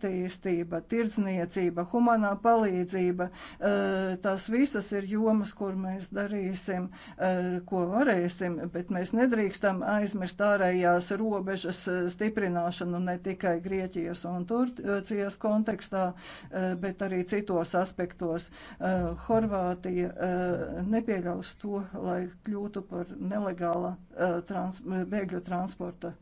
attīstība, tirdzniecība, humanā palīdzība. Eh, tās visas ir jomas, kur mēs darīsim, eh, ko varēsim, bet mēs nedrīkstam aizmirst ārējās robežas eh, stiprināšanu ne tikai Grieķijas un Turcijas kontekstā, bet arī citos aspektos. Horvātija nepieļaus to, lai kļūtu par nelegāla trans bēgļu transporta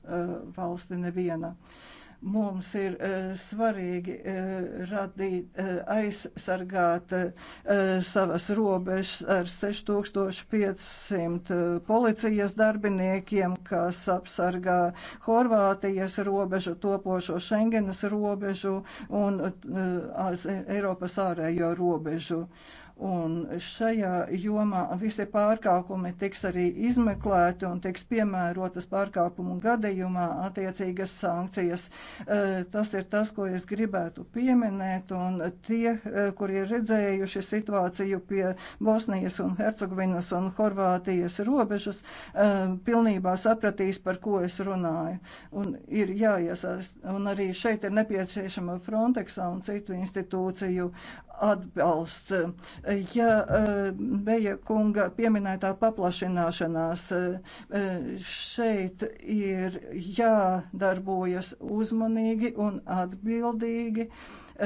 valsti neviena. Uh, Mums ir eh, svarīgi eh, radīt, eh, aizsargāt savas robežas ar 6500 policijas darbiniekiem, kas apsargā Horvātijas robežu, topošo Schengenas robežu un Eiropas ārējo robežu. Un šajā jomā visi pārkāpumi tiks arī izmeklēti un tiks piemērotas pārkāpumu gadījumā attiecīgas sankcijas. E, tas ir tas, ko es gribētu pieminēt, un tie, e, kuri ir redzējuši situāciju pie Bosnijas un Hercegvinas un Horvātijas robežas, e, pilnībā sapratīs, par ko es runāju. Un ir jāiesaist, un arī šeit ir nepieciešama Frontexa un citu institūciju atbalsts. Ja eh, Beja kunga pieminētā paplašināšanās eh, šeit ir jādarbojas uzmanīgi un atbildīgi.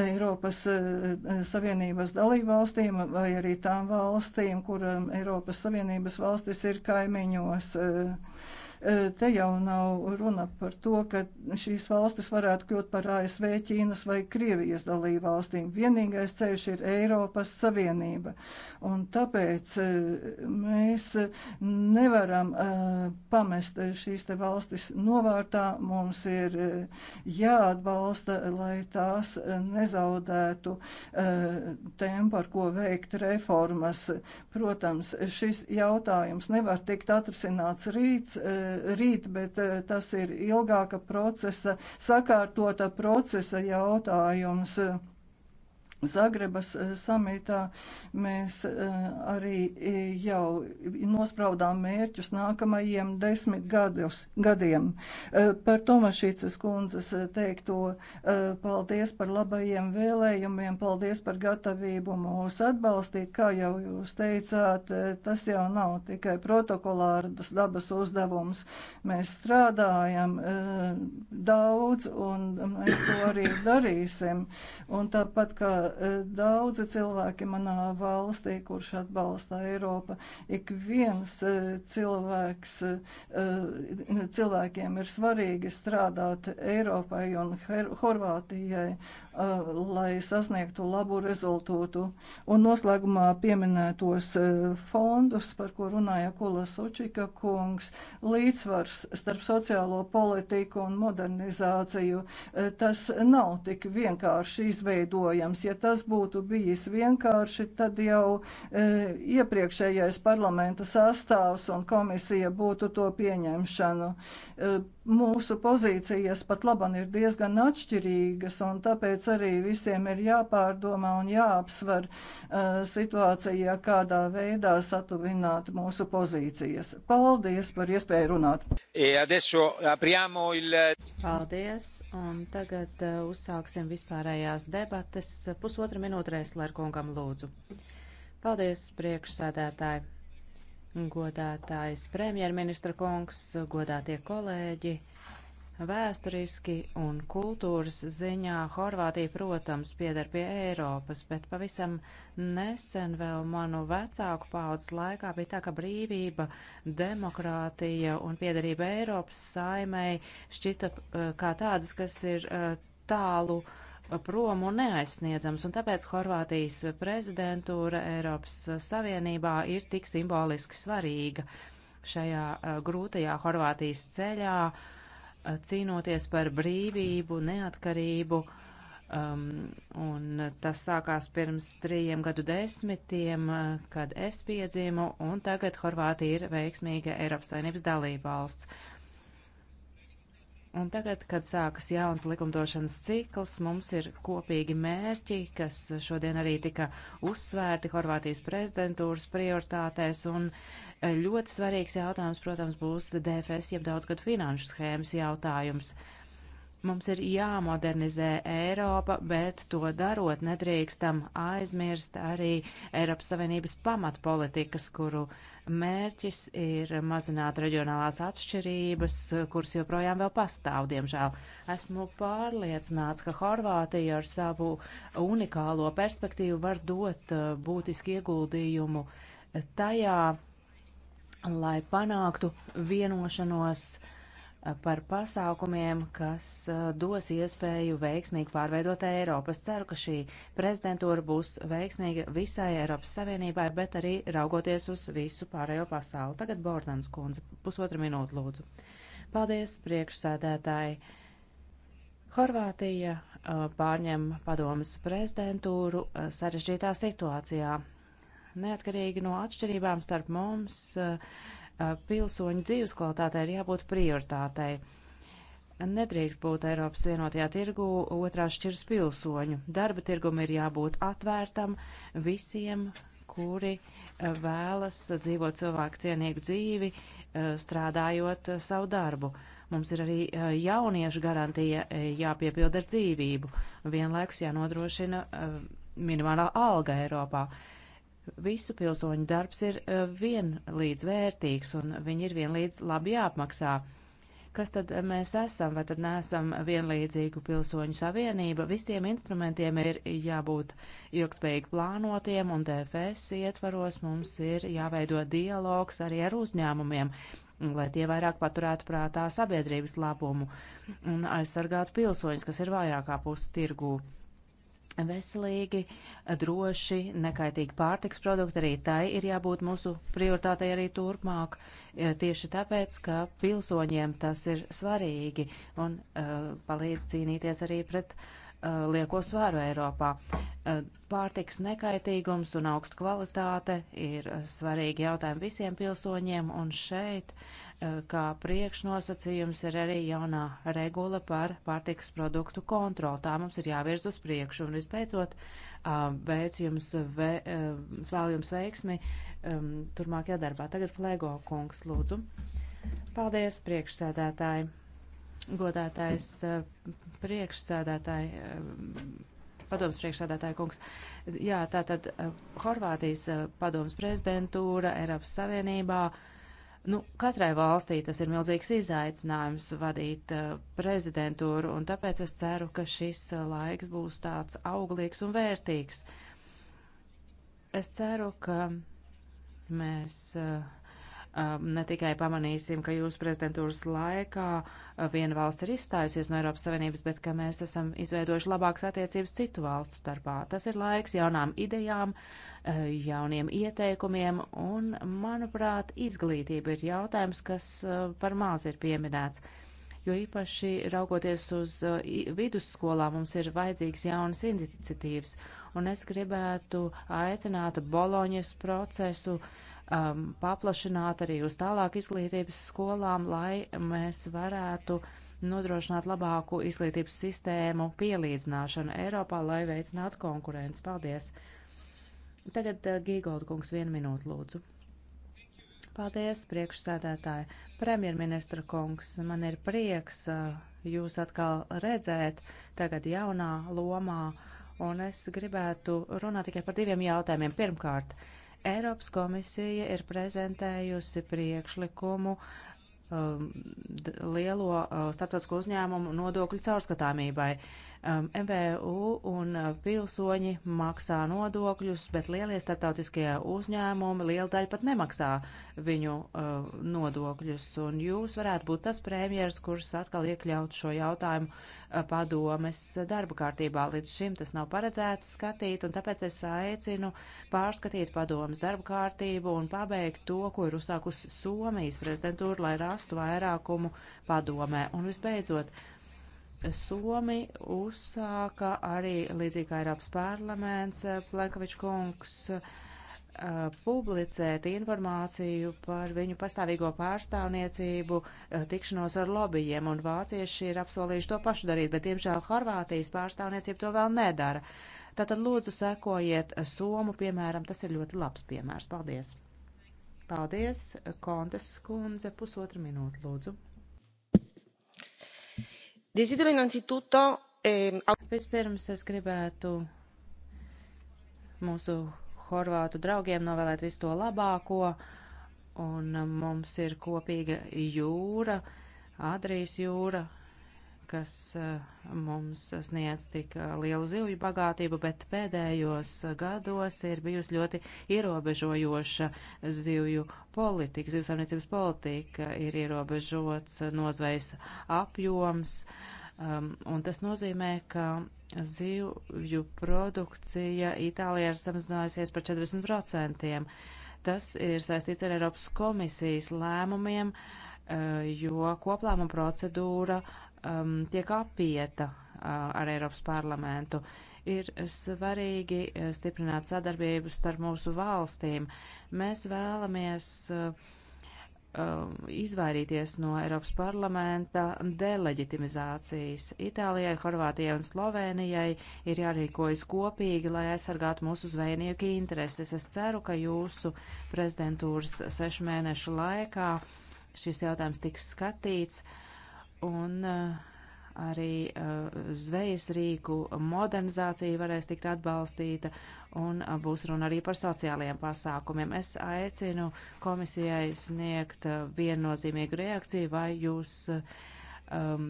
Eiropas eh, Savienības dalībvalstīm vai arī tām valstīm, kurām Eiropas Savienības valstis ir kaimiņos. Uh, E, te jau nav runa par to, ka šīs valstis varētu kļūt par ASV, Ķīnas vai Krievijas dalību valstīm. Vienīgais ceļš ir Eiropas Savienība. Un tāpēc e, mēs nevaram e, pamest šīs te valstis novārtā. Mums ir jāatbalsta, lai tās nezaudētu tempu, ar ko veikt reformas. Protams, šis jautājums nevar tikt atrisināts rīts Eh, rīt, bet eh, tas ir ilgāka procesa, sakārtota procesa jautājums. Zagrebas eh, samitā mēs eh, arī eh, jau nospraudām mērķus nākamajiem desmit gadus, gadiem. Par Tomašīcas kundzes teikto paldies par labajiem vēlējumiem, paldies par gatavību mūs atbalstīt. Kā jau jūs teicāt, tas jau nav tikai protokolārdas dabas uzdevums. Mēs strādājam daudz un mm, mēs to arī darīsim. Un tāpat kā Eh, daudzi cilvēki manā valstī, kurš atbalsta Eiropa. Ik viens eh, cilvēks, eh, cilvēkiem ir svarīgi strādāt Eiropai un Horvātijai. Eh, lai sasniegtu labu rezultātu. Un noslēgumā pieminētos eh, fondus, par ko runāja Kula Sučika kungs, līdzsvars starp sociālo politiku un modernizāciju. Eh, tas nav tik vienkārši izveidojams. Ja tas būtu bijis vienkārši, tad jau iepriekšējais parlamenta sastāvs un komisija būtu to pieņemšanu mūsu pozīcijas pat laban ir diezgan atšķirīgas, un tāpēc arī visiem ir jāpārdomā un jāapsver uh, situācijā, kādā veidā satuvināt mūsu pozīcijas. Paldies par iespēju runāt. E Paldies, un tagad uh, uzsāksim vispārējās debates. Pusotra minūte Rēslēr kungam lūdzu. Paldies, priekšsēdētāji godātājs premjerministra kungs, godātie kolēģi. Vēsturiski un kultūras ziņā Horvātija, protams, pieder pie Eiropas, bet pavisam nesen vēl manu vecāku paudzes laikā bija tā, ka brīvība, demokrātija un piederība Eiropas saimei šķita eh, kā tādas, kas ir eh, tālu uh, prom un neaizsniedzams, un tāpēc Horvātijas prezidentūra Eiropas Savienībā ir tik simboliski svarīga šajā eh, grūtajā Horvātijas ceļā, eh, cīnoties par brīvību, neatkarību. Um, un tas sākās pirms trījiem gadu desmitiem, eh, kad es piedzimu, un tagad Horvātija ir veiksmīga Eiropas saimnības dalībvalsts. Un tagad, kad sākas jauns likumdošanas cikls, mums ir kopīgi mērķi, kas šodien arī tika uzsvērti Horvātijas prezidentūras prioritātēs. Un e, ļoti svarīgs jautājums, protams, būs DFS, jeb daudzgadu finanšu schēmas jautājums. Uh, Mums ir jāmodernizē Eiropa, bet to darot nedrīkstam aizmirst arī Eiropas Savienības pamatpolitikas, kuru mērķis ir mazināt reģionālās atšķirības, kuras joprojām vēl pastāv, diemžēl. Esmu pārliecināts, ka Horvātija ar savu unikālo perspektīvu var dot uh, būtiski ieguldījumu tajā, lai panāktu vienošanos uh, par pasākumiem, kas uh, dos iespēju veiksmīgi pārveidot Eiropas. Ceru, ka šī prezidentūra būs veiksmīga visai Eiropas Savienībai, bet arī raugoties uz visu pārējo pasauli. Tagad Borzans kundze, pusotra minūte lūdzu. Paldies, priekšsēdētāji. Horvātija uh, pārņem padomas prezidentūru uh, sarežģītā situācijā. Neatkarīgi no atšķirībām starp mums, uh, Eh, pilsoņu dzīves kvalitātei ir jābūt prioritātei. Nedrīkst būt Eiropas vienotajā tirgu otrā šķirs pilsoņu. Darba tirgum ir jābūt atvērtam visiem, kuri eh, vēlas dzīvot cilvēku cienīgu dzīvi, eh, strādājot savu darbu. Mums ir arī jauniešu garantija jāpiepilda ar dzīvību. Vienlaikus jānodrošina minimālā alga Eiropā. Uh, Visu pilsoņu darbs ir e, vienlīdz vērtīgs un viņi ir vienlīdz labi jāapmaksā. Kas tad mēs esam, vai tad neesam vienlīdzīgu pilsoņu savienība? Visiem instrumentiem ir jābūt ilgspējīgi plānotiem un DFS ietvaros mums ir jāveido dialogs arī ar uzņēmumiem lai tie vairāk paturētu prātā sabiedrības labumu un aizsargātu pilsoņus, kas ir vājākā puses tirgū veselīgi, droši, nekaitīgi pārtiks produkti, arī tai ir jābūt mūsu prioritātei arī turpmāk, tieši tāpēc, ka pilsoņiem tas ir svarīgi un uh, palīdz cīnīties arī pret uh, lieko svāru Eiropā. Uh, pārtiks nekaitīgums un augsta kvalitāte ir svarīgi jautājumi visiem pilsoņiem, un šeit uh, Eh, kā priekšnosacījums ir arī jaunā regula par pārtikas produktu kontroli. Tā mums ir jāvirz uz priekšu. Un visbeidzot, eh, veicu jums, ve, svēlu eh, jums veiksmi ehm, turmākajā darbā. Tagad Flego kungs, lūdzu. Paldies, priekšsēdētāji. Godātais priekšsēdētāji padomas priekšsādātāja kungs. Jā, tā tad Horvātijas padomas prezidentūra Eiropas Savienībā Nu, katrai valstī tas ir milzīgs izaicinājums vadīt uh, prezidentūru, un tāpēc es ceru, ka šis uh, laiks būs tāds auglīgs un vērtīgs. Es ceru, ka mēs uh, um, ne tikai pamanīsim, ka jūsu prezidentūras laikā uh, viena valsts ir izstājusies no Eiropas Savienības, bet ka mēs esam izveidojuši labākas attiecības citu valstu starpā. Tas ir laiks jaunām idejām, uh, Eh, jauniem ieteikumiem, un, manuprāt, izglītība ir jautājums, kas eh, par maz ir pieminēts. Jo īpaši raugoties uz eh, vidusskolā, mums ir vajadzīgs jaunas iniciatīvas, un es gribētu aicināt Boloņas procesu um, paplašināt arī uz tālāk izglītības skolām, lai mēs varētu nodrošināt labāku izglītības sistēmu pielīdzināšanu Eiropā, lai veicinātu konkurences. Paldies! Tagad uh, Gīgolda kungs vienu minūtu lūdzu. Paldies, priekšsēdētāji. Premjerministra kungs, man ir prieks uh, jūs atkal redzēt tagad jaunā lomā, un es gribētu runāt tikai par diviem jautājumiem. Pirmkārt, Eiropas komisija ir prezentējusi priekšlikumu um, lielo uh, starptautisko uzņēmumu nodokļu caurskatāmībai. Uh, MVU um, un uh, pilsoņi maksā nodokļus, bet lielie startautiskie uzņēmumi liela daļa pat nemaksā viņu uh, nodokļus. Un jūs varētu būt tas premjers, kurš atkal iekļaut šo jautājumu uh, padomes darba kārtībā. Līdz šim tas nav paredzēts skatīt, un tāpēc es aicinu pārskatīt padomes darba kārtību un pabeigt to, ko ir uzsākusi Somijas prezidentūra, lai rastu vairākumu padomē. Un visbeidzot, Somi uzsāka arī līdzīgi kā Eiropas parlaments eh, Plenkovičs kungs eh, publicēt informāciju par viņu pastāvīgo pārstāvniecību, eh, tikšanos ar lobbyiem, un vācieši ir apsolījuši to pašu darīt, bet, diemžēl, Horvātijas pārstāvniecība to vēl nedara. Tātad, lūdzu, sekojiet Somu, piemēram, tas ir ļoti labs piemērs. Paldies! Paldies, Kontes kundze, pusotra minūte, lūdzu. Ehm, Vispirms es gribētu mūsu horvātu draugiem novēlēt visu to labāko, un mums ir kopīga jūra, Adrijas jūra, kas eh, mums sniedz tik eh, lielu zivju bagātību, bet pēdējos eh, gados ir bijusi ļoti ierobežojoša zivju politika. Zivsaimniecības politika ir ierobežots nozvejas apjoms, um, un tas nozīmē, ka zivju produkcija Itālijā ir samazinājusies par 40%. Tas ir saistīts ar Eiropas komisijas lēmumiem, jo koplāma procedūra uh, um, tiek apieta uh, ar Eiropas parlamentu. Ir svarīgi uh, stiprināt sadarbību starp mūsu valstīm. Mēs vēlamies uh, uh, izvairīties no Eiropas parlamenta deleģitimizācijas. Itālijai, Horvātijai un Slovenijai ir jārīkojas kopīgi, lai aizsargātu mūsu zvejnieku intereses. Es ceru, ka jūsu prezidentūras sešu mēnešu laikā šis jautājums tiks skatīts. Uh, un eh, arī eh, zvejas rīku modernizācija varēs tikt atbalstīta, un eh, būs runa arī par sociālajiem pasākumiem. Es aicinu komisijai sniegt viennozīmīgu reakciju, vai jūs uh, um,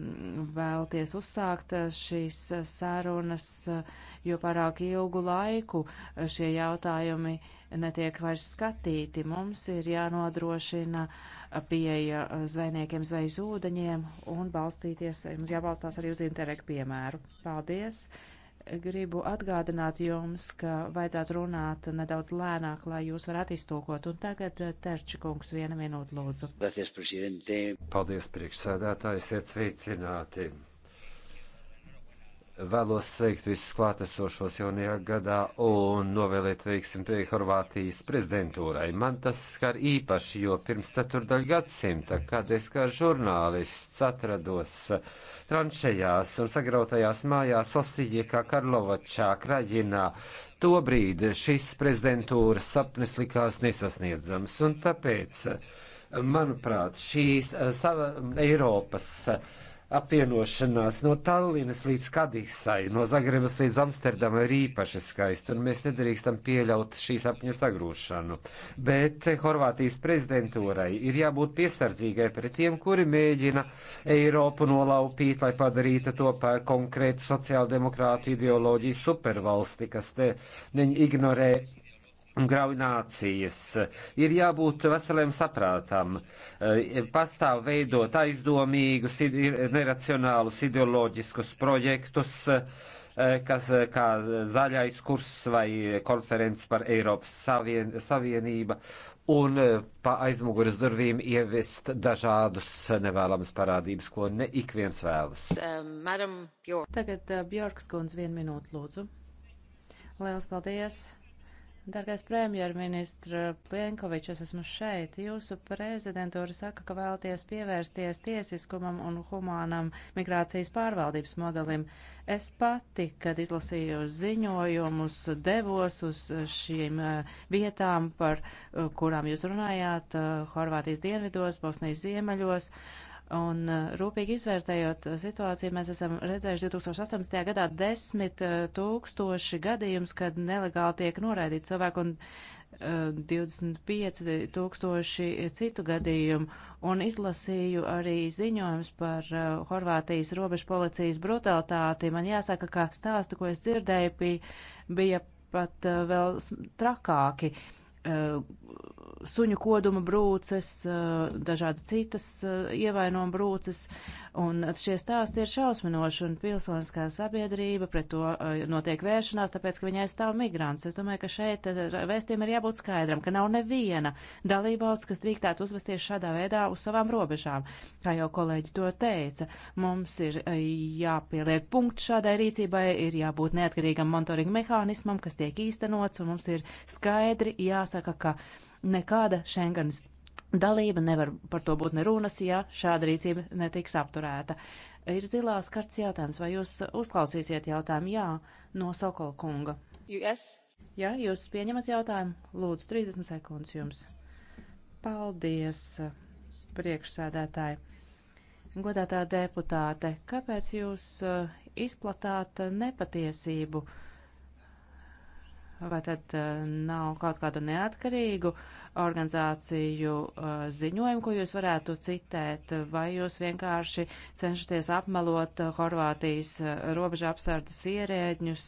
vēlties uzsākt šīs sarunas, jo pārāk ilgu laiku šie jautājumi netiek vairs skatīti. Mums ir jānodrošina pieeja zvejniekiem zvejas ūdeņiem un balstīties, mums jābalstās arī uz interektu piemēru. Paldies! gribu atgādināt jums, ka vajadzētu runāt nedaudz lēnāk, lai jūs varētu iztūkot. Un tagad eh, Terčikungs viena minūte lūdzu. Paldies, priekšsēdētāji, iet sveicināti! Vēlos sveikt visus klātesošos jaunajā gadā un novēlēt veiksim pie Horvātijas prezidentūrai. Man tas skar īpaši, jo pirms ceturdaļ gadsimta, kad es kā žurnālists atrados tranšejās un sagrautajās mājās Osijekā, Karlovačā, Kraģinā, tobrīd šis prezidentūras sapnis likās nesasniedzams un tāpēc, manuprāt, šīs sava Eiropas uh, apvienošanās no Tallinas līdz Kadisai, no Zagrebas līdz Amsterdamai ir īpaši skaista, un mēs nedrīkstam pieļaut šīs apņas agrūšanu. Bet Horvātijas prezidentūrai ir jābūt piesardzīgai pret tiem, kuri mēģina Eiropu nolaupīt, lai padarītu to par konkrētu sociāldemokrātu ideoloģiju supervalsti, kas te ignorē un grauj nācijas. Ir jābūt veseliem saprātam. E, pastāv veidot aizdomīgus, neracionālus ideoloģiskus projektus, e, kas e, kā zaļais kurs vai konferences par Eiropas savien, Savienību un pa aizmuguras durvīm ievest dažādus nevēlamas parādības, ko ne ik viens vēlas. Um, Tagad uh, Bjorkas kundze vienu minūtu lūdzu. Liels paldies! Dargais premjerministra Plenkovičs, es esmu šeit. Jūsu prezidentūra saka, ka vēlties pievērsties tiesiskumam un humānam migrācijas pārvaldības modelim. Es pati, kad izlasīju ziņojumus, devos uz šīm eh, vietām, par eh, kurām jūs runājāt, eh, Horvātijas dienvidos, Bosnijas ziemeļos, Un uh, rūpīgi izvērtējot situāciju, mēs esam redzējuši 2018. gadā desmit uh, tūkstoši gadījums, kad nelegāli tiek noraidīti cilvēki un uh, 25 tūkstoši citu gadījumu. Un izlasīju arī ziņojums par uh, Horvātijas robežu policijas brutalitāti. Man jāsaka, ka stāsti, ko es dzirdēju, bija, bija pat uh, vēl trakāki. Uh, Uh, suņu koduma brūces, uh, dažādas citas uh, ievainojuma brūces, un šie stāsti ir šausminoši, un pilsoniskā sabiedrība pret to notiek vēršanās, tāpēc, ka viņi aizstāv migrantus. Es domāju, ka šeit vēstiem ir jābūt skaidram, ka nav neviena dalībvalsts, kas drīktētu uzvesties šādā veidā uz savām robežām. Kā jau kolēģi to teica, mums ir jāpieliek punkts šādai rīcībai, ir jābūt neatkarīgam monitoringa mehānismam, kas tiek īstenots, un mums ir skaidri jāsaprot, jāsaka, ka nekāda Schengenas dalība nevar par to būt nerunas, ja šāda rīcība netiks apturēta. Ir zilās karts jautājums, vai jūs uzklausīsiet jautājumu jā no Sokola kunga? US. Jā, jūs pieņemat jautājumu? Lūdzu, 30 sekundes jums. Paldies, priekšsēdētāji. Godātā deputāte, kāpēc jūs uh, izplatāt uh, nepatiesību? Uh, vai tad eh, nav kaut kādu neatkarīgu organizāciju eh, ziņojumu, ko jūs varētu citēt, vai jūs vienkārši cenšaties apmelot eh, Horvātijas robeža apsardzes ierēģņus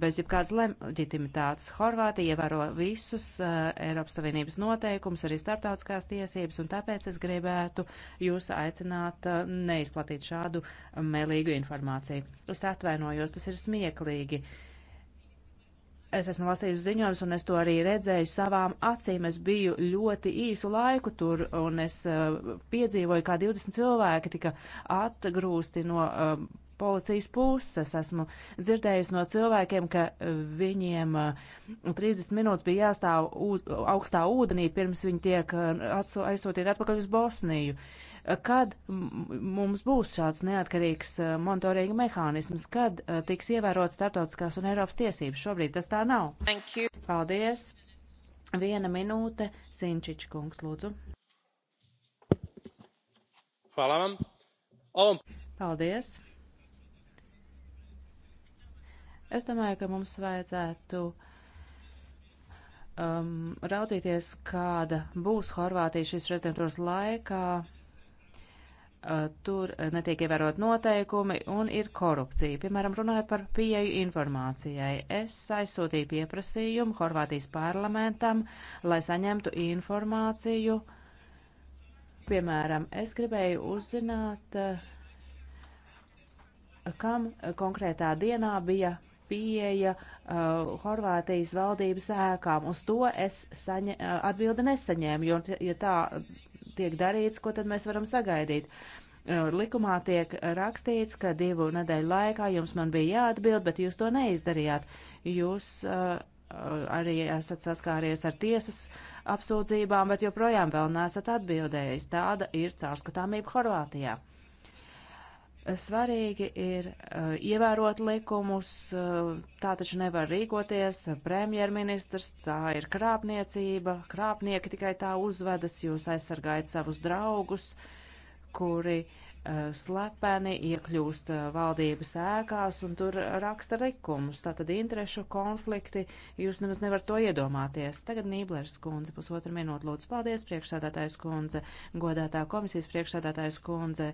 bez jebkādas leģitimitātes. Horvātija ievēro visus Eiropas Savienības noteikumus, arī starptautiskās tiesības, un tāpēc es gribētu jūs aicināt neizplatīt šādu melīgu informāciju. Es atvainojos, tas ir smieklīgi es esmu lasījusi ziņojums, un es to arī redzēju savām acīm. Es biju ļoti īsu laiku tur, un es uh, piedzīvoju, kā 20 cilvēki tika atgrūsti no uh, policijas puses. Esmu dzirdējusi no cilvēkiem, ka eh, viņiem uh, 30 minūtes bija jāstāv augstā ūdenī, pirms viņi tiek aizsūtīti atpakaļ uz Bosniju. Uh, kad mums būs šāds neatkarīgs monitoringa mehānisms, kad tiks ievērot starptautiskās un Eiropas tiesības. Šobrīd tas tā nav. Paldies. Viena minūte, Sinčič kungs, lūdzu. Hvala vam. Ovom. Paldies. Es domāju, ka mums vajadzētu um, raudzīties, kāda būs Horvātija šīs prezidentūras laikā Eh, tur eh, netiek ievērot noteikumi un ir korupcija. Piemēram, runājot par pieeju informācijai, es aizsūtīju pieprasījumu Horvātijas parlamentam, lai saņemtu informāciju. Piemēram, es gribēju uzzināt, eh, kam konkrētā dienā bija pieeja uh, Horvātijas valdības ēkām. Uz to es saņa, uh, atbildi nesaņēmu, jo, ja tā tiek darīts, ko tad mēs varam sagaidīt? Likumā tiek rakstīts, ka divu nedēļu laikā jums man bija jāatbild, bet jūs to neizdarījāt. Jūs uh, arī esat saskāries ar tiesas apsūdzībām, bet joprojām vēl nesat atbildējis. Tāda ir caurskatāmība Horvātijā. Svarīgi ir uh, ievērot likumus, uh, tā taču nevar rīkoties. Premjerministrs, tā ir krāpniecība, krāpnieki tikai tā uzvedas, jūs aizsargājat savus draugus, kuri uh, Eh, slepeni iekļūst eh, valdības ēkās un tur raksta likumus. Tātad interešu konflikti, jūs nemaz nevarat to iedomāties. Tagad Nīblers kundze, pusotra minūte, lūdzu, paldies, priekšsādātājs kundze, godātā komisijas priekšsādātājs kundze.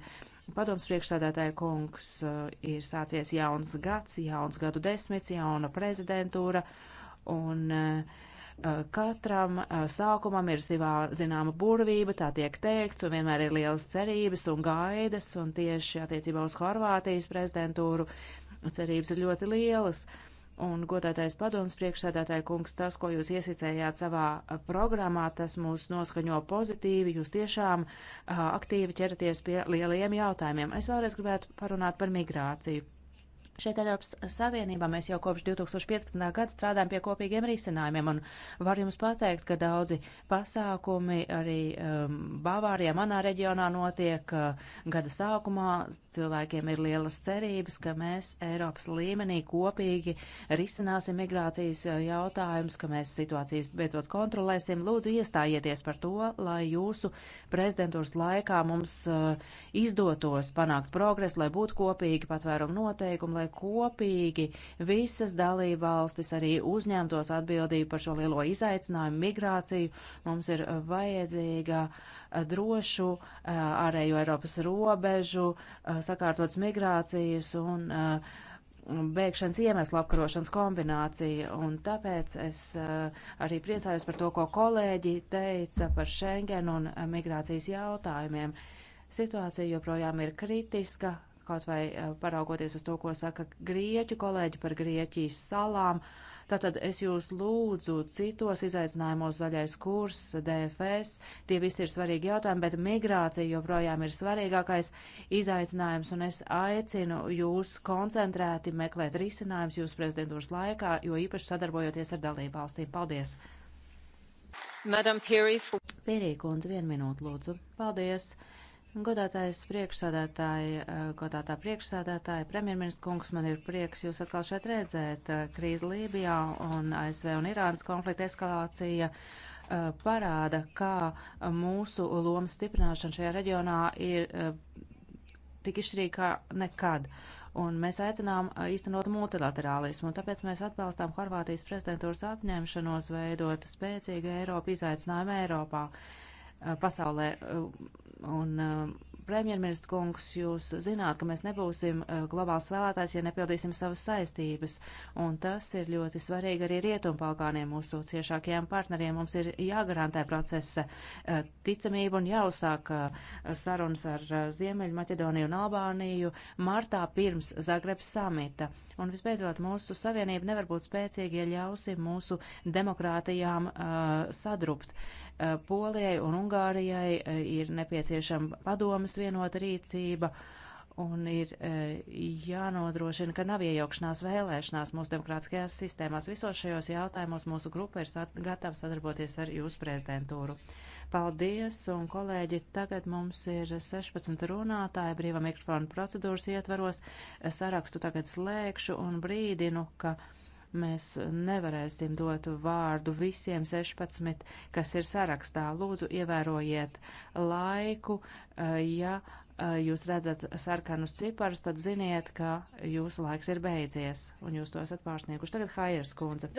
Padoms priekšsādātāja kungs eh, ir sācies jauns gads, jauns gadu desmits, jauna prezidentūra un uh, Eh, katram eh, sākumam ir zivā, zināma burvība, tā tiek teikts, un vienmēr ir lielas cerības un gaidas, un tieši attiecībā uz Horvātijas prezidentūru cerības ir ļoti lielas. Un godātais padoms priekšsēdētāja kungs, tas, ko jūs iesicējāt savā eh, programmā, tas mūs noskaņo pozitīvi, jūs tiešām a, aktīvi ķeraties pie lielajiem jautājumiem. Es vēlreiz gribētu parunāt par migrāciju. Šeit Eiropas Savienībā mēs jau kopš 2015. gada strādājam pie kopīgiem risinājumiem, un var jums pateikt, ka daudzi pasākumi arī um, Bavārijā, manā reģionā notiek uh, gada sākumā. Cilvēkiem ir lielas cerības, ka mēs Eiropas līmenī kopīgi risināsim migrācijas uh, jautājumus, ka mēs situācijas beidzot kontrolēsim. Lūdzu, iestājieties par to, lai jūsu prezidentūras laikā mums uh, izdotos panākt progresu, lai būtu kopīgi patvērumu noteikumi, lai lai kopīgi visas dalībvalstis arī uzņemtos atbildību par šo lielo izaicinājumu migrāciju. Mums ir vajadzīga drošu ārējo Eiropas robežu, sakārtots migrācijas un bēgšanas iemeslu apkarošanas kombinācija, un tāpēc es arī priecājos par to, ko kolēģi teica par Schengen un migrācijas jautājumiem. Situācija joprojām ir kritiska, kaut vai paraugoties uz to, ko saka grieķu kolēģi par Grieķijas salām. Tātad es jūs lūdzu citos izaicinājumos zaļais kurs, DFS, tie visi ir svarīgi jautājumi, bet migrācija joprojām ir svarīgākais izaicinājums, un es aicinu jūs koncentrēti meklēt risinājums jūsu prezidentūras laikā, jo īpaši sadarbojoties ar dalību valstīm. Paldies! Madam Piri, for... Pirī kundze, vienu minūtu lūdzu. Paldies! Godātais priekšsādātāji, eh, godātā priekšsādātāja, premjerministrs kungs, man ir prieks jūs atkal šeit redzēt. Eh, krīze Lībijā un ASV un Irānas konflikta eskalācija eh, parāda, kā mūsu lomas stiprināšana šajā reģionā ir tik izšķirīga nekad. Un mēs aicinām īstenot multilaterālismu, un tāpēc mēs atbalstām Horvātijas prezidentūras apņemšanos veidot spēcīgu Eiropu izaicinājumu Eiropā, pasaulē Un uh, premjerministra kungs, jūs zināt, ka mēs nebūsim uh, globāls vēlētājs, ja nepildīsim savas saistības. Un tas ir ļoti svarīgi arī Rietumpalkāniem, mūsu ciešākajiem partneriem. Mums ir jāgarantē procesa uh, ticamība un jāuzsāk sarunas ar Ziemeļu Maķedoniju un Albāniju martā pirms Zagrebs samita. Un visbeidzot, mūsu savienība nevar būt spēcīga, ja ļausim mūsu demokrātijām uh, sadrupt. Uh, Eh, Polijai un Ungārijai eh, ir nepieciešama padomas vienota rīcība un ir eh, jānodrošina, ka nav iejaukšanās vēlēšanās mūsu demokrātiskajās sistēmās. Visos šajos jautājumos mūsu grupa ir sat gatava sadarboties ar jūsu prezidentūru. Paldies, un kolēģi, tagad mums ir 16 runātāji brīvā mikrofona procedūras ietvaros. Sarakstu tagad slēgšu un brīdinu, ka. Mēs nevarēsim dot vārdu visiem 16, kas ir sarakstā. Lūdzu, ievērojiet laiku. Eh, ja eh, jūs redzat sarkanus ciparus, tad ziniet, ka jūsu laiks ir beidzies un jūs to esat pārsnieguši. Tagad Haieras kundze.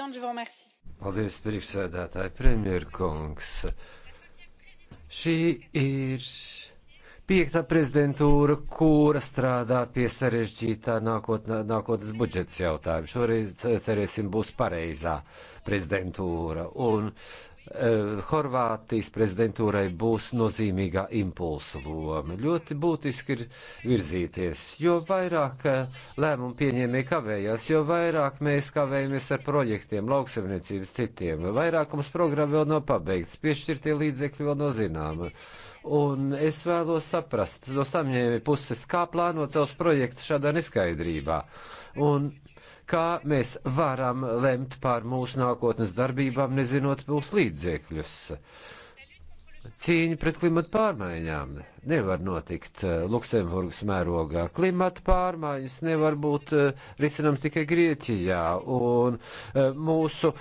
Paldies, priekšsēdētāji, premjerkungs. Šī ir piekta prezidentūra, kura strādā pie sarežģītā nākotnē, nākotnes budžetas jautājuma. Šoreiz, cerēsim, būs pareizā prezidentūra. Un uh, Horvātijas prezidentūrai būs nozīmīgā impulsa loma. Ļoti būtiski ir virzīties, jo vairāk e, lēmumu pieņēmēji kavējās, jo vairāk mēs kavējamies ar projektiem, lauksaimniecības citiem, vairākums programma vēl nav pabeigts, piešķirtie līdzekļi vēl nav zināma. Uh, Un es vēlos saprast no saņēmēja puses, kā plānot savus projektus šādā neskaidrībā. Un kā mēs varam lemt par mūsu nākotnes darbībām, nezinot mūsu līdzekļus. Uh, Cīņa pret klimatu pārmaiņām nevar notikt eh, Luksemburgas mērogā. Klimata pārmaiņas nevar būt eh, risinams tikai Grieķijā, un eh, mūsu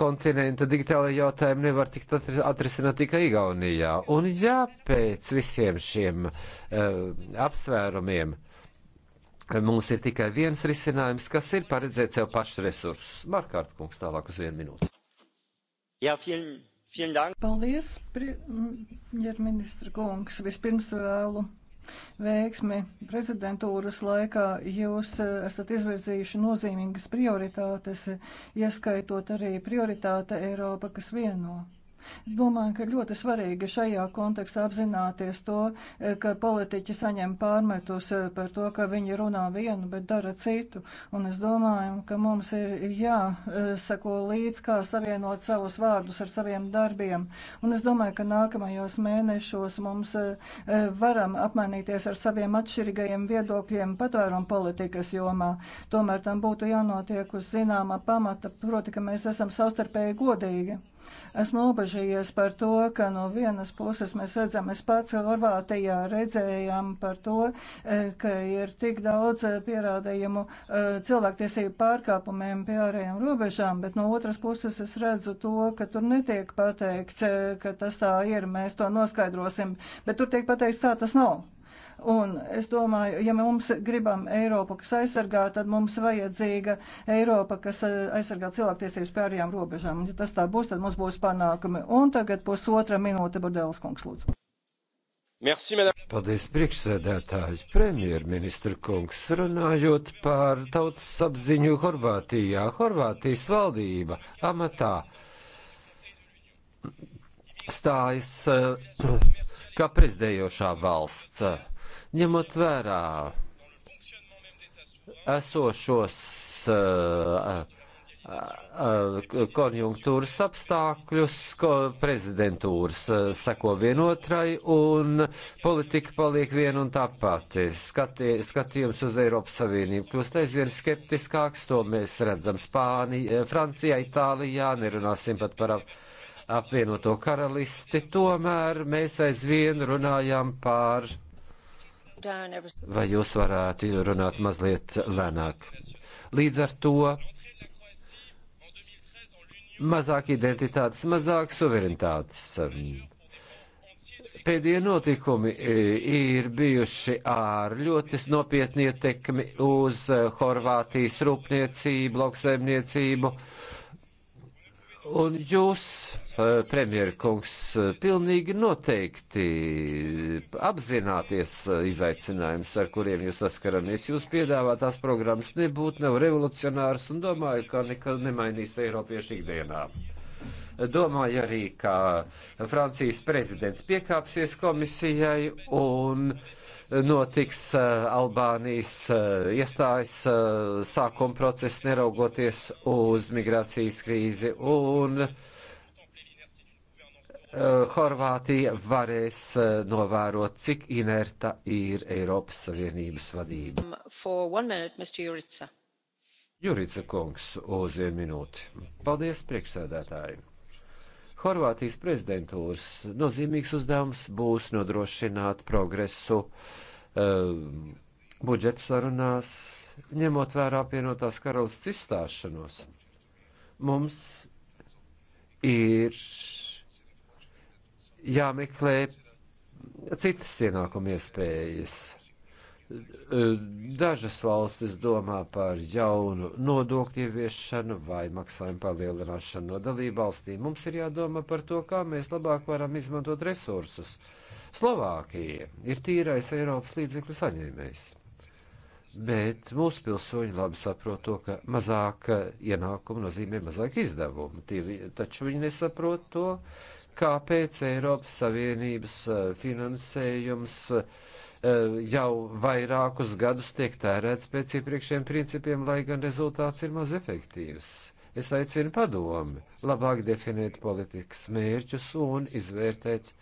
kontinenta digitālajā jautājumi nevar tikt atrisināt tikai Igaunijā. Un jā, pēc visiem šiem apsvērumiem mums ir tikai viens risinājums, kas ir paredzēt sev pašu resursus. Markārt kungs tālāk uz vienu minūti. Jā, vielen Paldies, premjerministra kungs. Vispirms vēlu veiksmi prezidentūras laikā jūs eh, esat izvirzījuši nozīmīgas prioritātes, ieskaitot arī prioritāte Eiropa, kas vieno. Domāju, ka ļoti svarīgi šajā kontekstā apzināties to, eh, ka politiķi saņem pārmetus eh, par to, ka viņi runā vienu, bet dara citu. Un es domāju, ka mums ir jāsako līdz, kā savienot savus vārdus ar saviem darbiem. Un es domāju, ka nākamajos mēnešos mums eh, varam apmainīties ar saviem atšķirīgajiem viedokļiem patvērumu politikas jomā. Tomēr tam būtu jānotiek uz zināma pamata, proti, ka mēs esam savstarpēji godīgi. Esmu nobežījies par to, ka no vienas puses mēs redzam, mēs pats Horvātijā redzējām par to, e, ka ir tik daudz e, pierādījumu e, cilvēktiesību pārkāpumiem pie ārējām robežām, bet no otras puses es redzu to, ka tur netiek pateikts, ka tas tā ir, mēs to noskaidrosim, bet tur tiek pateikts tā tas nav. Un es domāju, ja mums gribam Eiropu, kas aizsargā, tad mums vajadzīga Eiropa, kas eh, aizsargā cilvēktiesības pārējām robežām. Un, ja tas tā būs, tad mums būs panākumi. Un tagad pusotra minūte Bordelas kungs lūdzu. Merci, Paldies, priekšsēdētāji, premjerministra kungs, runājot par tautas apziņu Horvātijā. Horvātijas valdība amatā stājas eh, kā prezidējošā valsts ņemot vērā esošos uh, uh, konjunktūras apstākļus, ko prezidentūras uh, seko vienotrai un politika paliek viena un tā pati. Skati, skatījums uz Eiropas Savienību kļūst aizvien skeptiskāks, to mēs redzam Spānijā, Francijā, Itālijā, nerunāsim pat par ap, apvienoto karalisti, tomēr mēs aizvien runājam par Vai jūs varētu runāt mazliet lēnāk? Līdz ar to mazāk identitātes, mazāk suverenitātes. Pēdējie notikumi e, ir bijuši ar ļoti nopietnu ietekmi uz e, Horvātijas rūpniecību, lauksaimniecību Un jūs, eh, premjerkungs, eh, pilnīgi noteikti apzināties eh, izaicinājumus, ar kuriem jūs saskaramies. Jūs piedāvātās programmas nebūtu, nav revolucionārs un domāju, ka nekad nemainīs Eiropiešu ikdienā. Domāju arī, ka Francijas prezidents piekāpsies komisijai un uh, notiks eh, Albānijas eh, iestājas eh, sākuma process, neraugoties uz migrācijas krīzi. Un, Horvātija varēs novērot, cik inerta ir Eiropas Savienības vadība. Um, minute, Jurica. Jurica kungs, uz vienu minūti. Paldies, priekšsēdētāji! Horvātijas prezidentūras nozīmīgs uzdevums būs nodrošināt progresu um, budžeta sarunās, ņemot vērā apvienotās karalists izstāšanos. Mums ir jāmeklē citas ienākuma iespējas. Eh, dažas valstis domā par jaunu nodokļu ieviešanu vai maksājumu palielināšanu no dalībvalstīm. Mums ir jādomā par to, kā mēs labāk varam izmantot resursus. Slovākija ir tīrais Eiropas līdzekļu saņēmējs, bet mūsu pilsoņi labi saprot to, ka mazāk ienākumu nozīmē mazāk izdevumu. Tie, taču viņi nesaprot to, kāpēc Eiropas Savienības eh, finansējums uh, Eh, jau vairākus gadus tiek tērēts pēc iepriekšējiem principiem, lai gan rezultāts ir maz efektīvs. Es aicinu padomi labāk definēt politikas mērķus un izvērtēt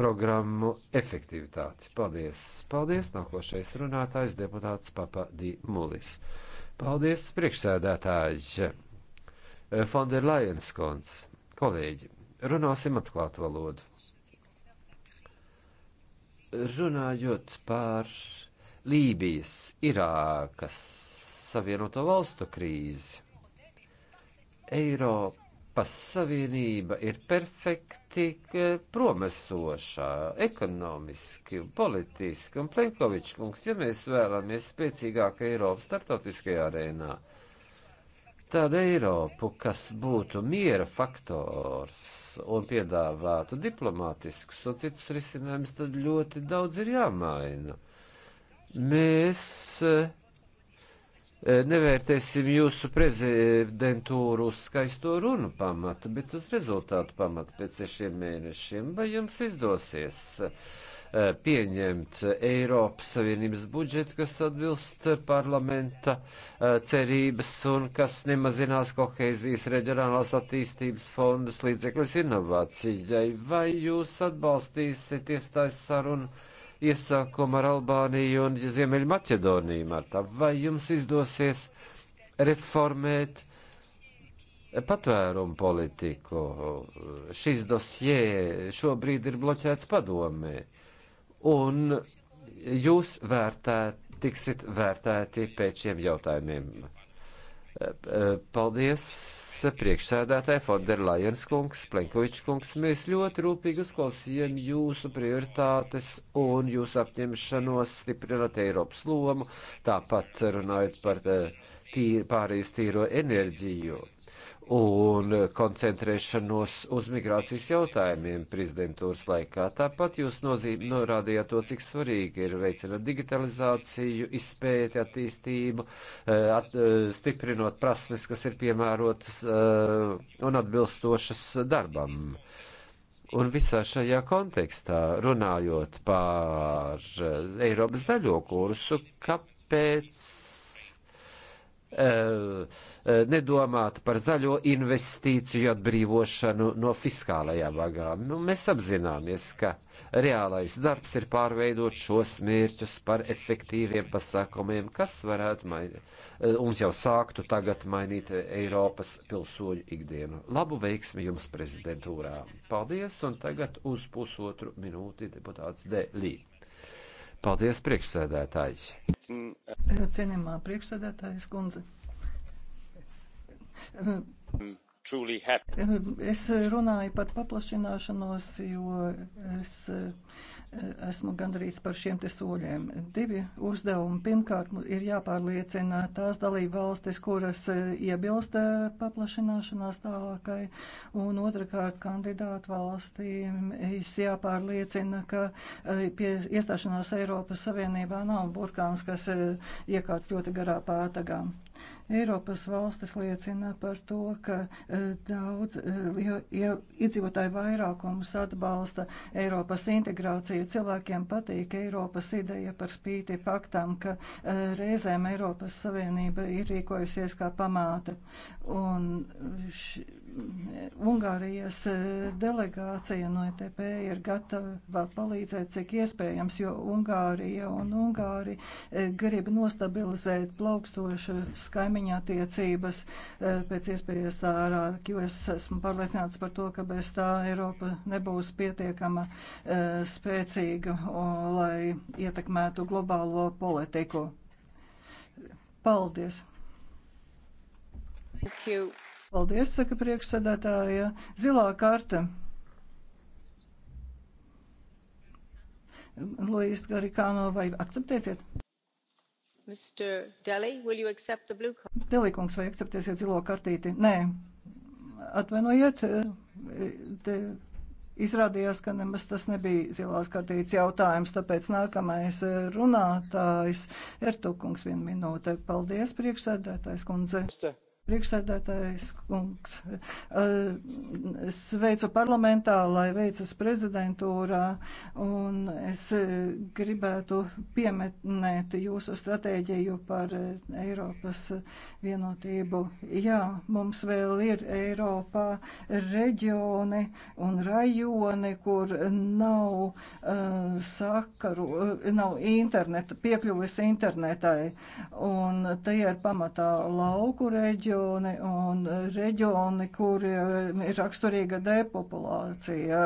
programmu efektivitāti. Paldies! Paldies! Nākošais runātājs deputāts Papa Dimulis. Paldies, priekšsēdētāji! Fonderlajens eh, kons, kolēģi, runāsim atklātu valodu. Runājot par Lībijas, Irākas, Savienoto valstu krīzi, Eiropas Savienība ir perfekti eh, promesošā ekonomiski, politiski, un Plenkovičs kungs, ja mēs vēlamies spēcīgāku Eiropu starptautiskajā arēnā, Tāda Eiropu, kas būtu miera faktors un piedāvātu diplomātiskus un citus risinājumus, tad ļoti daudz ir jāmaina. Mēs eh, nevērtēsim jūsu prezidentūru uz skaisto runu pamata, bet uz rezultātu pamata pēc sešiem mēnešiem. Vai jums izdosies? Uh, Eh, pieņemt Eiropas Savienības budžetu, kas atbilst parlamenta eh, cerības un kas nemazinās koheizijas reģionālās attīstības fondus līdzekļus inovācijai. Vai jūs atbalstīsiet iestājas sarunu iesākumu ar Albāniju un Ziemeļmaķedoniju, Marta? Vai jums izdosies reformēt? patvērumu politiku. Šis dosie šobrīd ir bloķēts padomē un jūs vērtēt, tiksit vērtēti pēc šiem jautājumiem. Paldies priekšsēdētāji Fonderlajens kungs, Plenkovičs kungs. Mēs ļoti rūpīgi uzklausījām jūsu prioritātes un jūsu apņemšanos stiprināt Eiropas lomu, tāpat runājot par eh, tīr, pārējais tīro enerģiju un koncentrēšanos uz migrācijas jautājumiem prezidentūras laikā. Tāpat jūs nozīm, norādījāt to, cik svarīgi ir veicināt digitalizāciju, izpēti, attīstību, eh, at, eh, stiprinot prasmes, kas ir piemērotas eh, un atbilstošas darbam. Un visā šajā kontekstā, runājot par Eiropas zaļo kursu, kāpēc Eh, eh, nedomāt par zaļo investīciju atbrīvošanu no fiskālajām vagām. Nu, mēs apzināmies, ka reālais darbs ir pārveidot šos mērķus par efektīviem pasākumiem, kas varētu mainīt, mums eh, jau sāktu tagad mainīt Eiropas pilsoņu ikdienu. Labu veiksmi jums prezidentūrā! Paldies, un tagad uz pusotru minūti deputāts Delī. Paldies, priekšsēdētājs! Mm. Cienījumā priekšsēdētājs kundze. Mm, es runāju par paplašināšanos, jo es esmu gandarīts par šiem te soļiem. Divi uzdevumi. Pirmkārt, ir jāpārliecina tās dalība valstis, kuras e, iebilst e, paplašināšanās tālākai, un otrkārt, kandidātu valstīm jāpārliecina, ka e, pie iestāšanās Eiropas Savienībā nav burkāns, kas iekārts ļoti garā pātagā. Eiropas valstis liecina par to, ka e, daudz e, iedzīvotāju vairākums atbalsta Eiropas integrāciju. Cilvēkiem patīk Eiropas ideja par spīti faktam, ka e, reizēm Eiropas Savienība ir rīkojusies kā pamāte. Un š, Ungārijas eh, delegācija no ETP ir gatava palīdzēt, cik iespējams, jo Ungārija un Ungāri eh, grib nostabilizēt plaukstošas kaimiņā tiecības eh, pēc iespējas ārāk, jo es esmu pārliecināts par to, ka bez tā Eiropa nebūs pietiekama spēcīga, lai ietekmētu globālo politiku. Paldies! Thank you. Paldies, saka priekšsēdētāja. Zilā karta. Luis Garikāno, vai akceptēsiet? Mr. Deli, will you accept the blue card? Deli, kungs, vai akceptēsiet zilo kartīti? Nē. Atvainojiet, te izrādījās, ka nemaz tas nebija zilās kartītes jautājums, tāpēc nākamais runātājs Ertukungs vienu minūte. Paldies, priekšsēdētājs kundze. Mr. Priekšsēdētājs kungs, eh, sveicu parlamentā, lai veicas prezidentūrā, un es eh, gribētu piemetnēt jūsu stratēģiju par eh, Eiropas vienotību. Jā, mums vēl ir Eiropā reģioni un rajoni, kur nav uh, sakaru, nav interneta, piekļuvis internetai, un tie ir pamatā lauku reģioni reģioni un reģioni, kuriem eh, ir raksturīga depopulācija.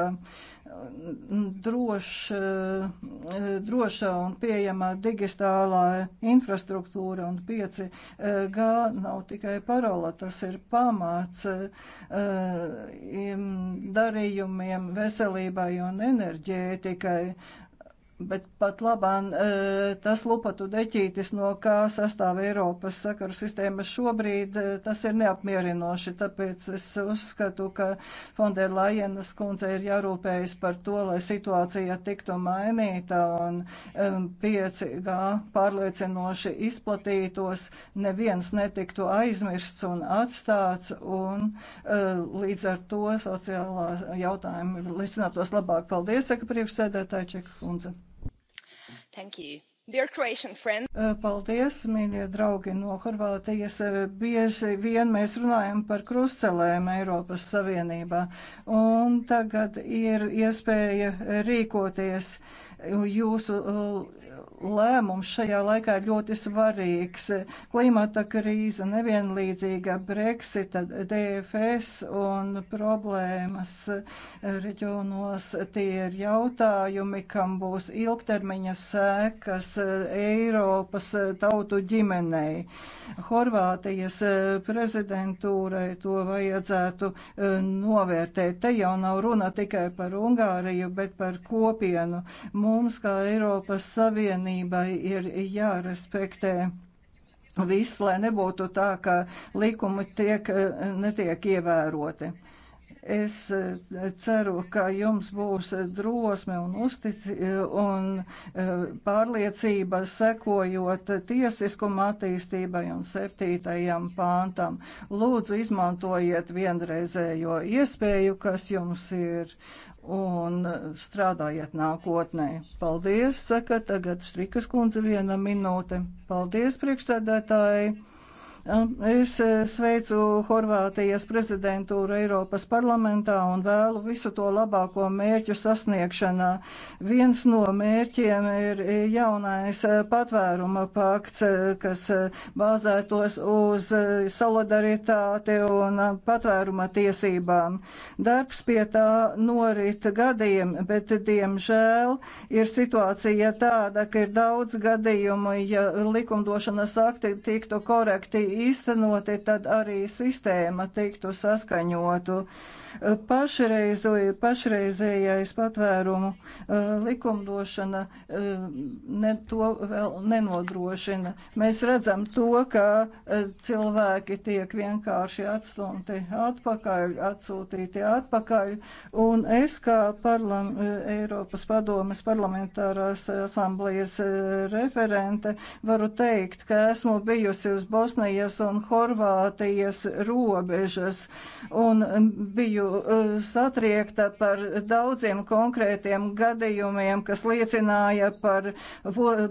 Droš, eh, droša un pieejama digitālā infrastruktūra un 5G eh, nav tikai parola, tas ir pamāts darījumiem veselībai un enerģētikai bet pat labāk e, tas lupatu deķītis, no kā sastāv Eiropas sakaru sistēma šobrīd, e, tas ir neapmierinoši. Tāpēc es uzskatu, ka Fonderlajenas kundze ir jārūpējas par to, lai situācija tiktu mainīta un 5G e, pārliecinoši izplatītos, neviens netiktu aizmirsts un atstāts, un līdz ar to sociālā jautājuma risinātos labāk. Paldies, saka priekšsēdētāji Čeka kundze. Uh, paldies, mīļie draugi no Horvātijas. Uh, bieži vien mēs runājam par krustcelēm Eiropas Savienībā, un tagad ir iespēja rīkoties jūsu uh, lēmums šajā laikā ir ļoti svarīgs. Klimata krīze, nevienlīdzīga Brexita, DFS un problēmas reģionos tie ir jautājumi, kam būs ilgtermiņa sēkas Eiropas tautu ģimenei. Horvātijas prezidentūrai to vajadzētu e, novērtēt. Te jau nav runa tikai par Ungāriju, bet par kopienu. Mums, kā Eiropas Savienība, Savienībai ir jārespektē viss, lai nebūtu tā, ka likumi tiek, netiek ievēroti. Es eh, ceru, ka jums būs drosme un uztic un eh, pārliecība sekojot tiesiskuma attīstībai un septītajam pāntam. Lūdzu, izmantojiet vienreizējo iespēju, kas jums ir, un strādājiet nākotnē. Paldies, saka tagad Štrikas kundze viena minūte. Paldies, priekšsēdētāji! Um, es eh, sveicu Horvātijas prezidentūru Eiropas parlamentā un vēlu visu to labāko mērķu sasniegšanā. Viens no mērķiem ir jaunais eh, patvēruma pakts, eh, kas bāzētos uz solidaritāti un patvēruma tiesībām. Darbs pie tā norit gadiem, bet diemžēl ir situācija tāda, ka ir daudz gadījumu, ja likumdošanas akti tiktu korekti īstenoti, tad arī sistēma tiktu saskaņotu. Uh, Pašreizu, pašreizējais patvērumu likumdošana ne to vēl nenodrošina. Mēs redzam to, ka cilvēki tiek vienkārši atstumti atpakaļ, atsūtīti atpakaļ, un es kā parlam, Eiropas padomes parlamentārās asamblējas referente varu teikt, ka esmu bijusi uz Bosnijas un Horvātijas robežas un biju biju e, satriekta par daudziem konkrētiem gadījumiem, kas liecināja par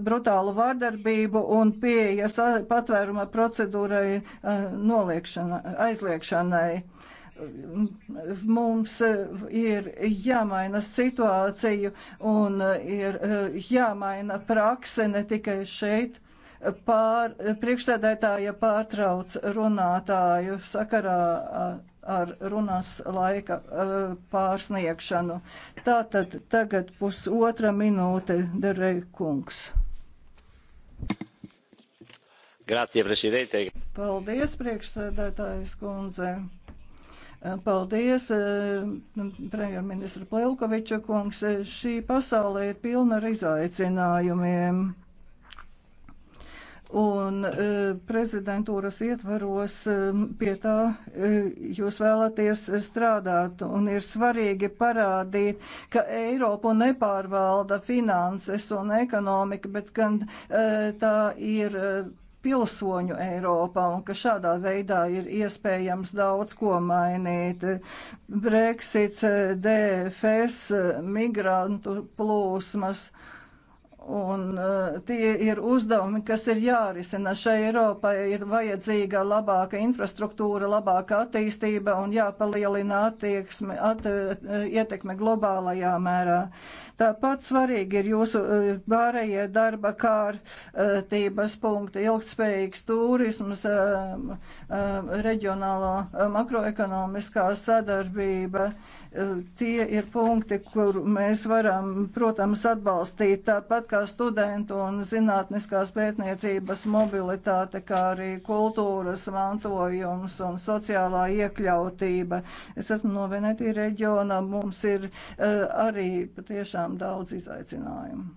brutālu vārdarbību un pieejas patvēruma procedūrai e, aizliekšanai mums ir jāmaina situācija un ir e, jāmaina prakse ne tikai šeit, Pār, priekšsēdētāja pārtrauc runātāju sakarā ar runas laika eh, pārsniegšanu. Tātad tagad pusotra minūte derei kungs. Grācie, prešidētē. Paldies, priekšsēdētājas kundze. Eh, paldies, eh, premjerministra Plilkoviča kungs. Šī pasaule ir pilna ar izaicinājumiem Un e, prezidentūras ietvaros e, pie tā e, jūs vēlaties strādāt. Un ir svarīgi parādīt, ka Eiropu nepārvalda finanses un ekonomika, bet gan tā ir pilsoņu Eiropā un ka šādā veidā ir iespējams daudz ko mainīt. Brexits, DFS, migrantu plūsmas. Uh, Un uh, tie ir uzdevumi, kas ir jārisina. Šai Eiropai ir vajadzīga labāka infrastruktūra, labāka attīstība un jāpalielina attieksme, at, uh, ietekme globālajā mērā. Tāpat svarīgi ir jūsu uh, pārējie darba kārtības punkti, ilgtspējīgs turisms, uh, uh, reģionālā uh, makroekonomiskā sadarbība, Eh, tie ir punkti, kur mēs varam, protams, atbalstīt tāpat kā studentu un zinātniskās pētniecības mobilitāte, kā arī kultūras mantojums un sociālā iekļautība. Es esmu no Venetija reģiona, mums ir eh, arī patiešām daudz izaicinājumu.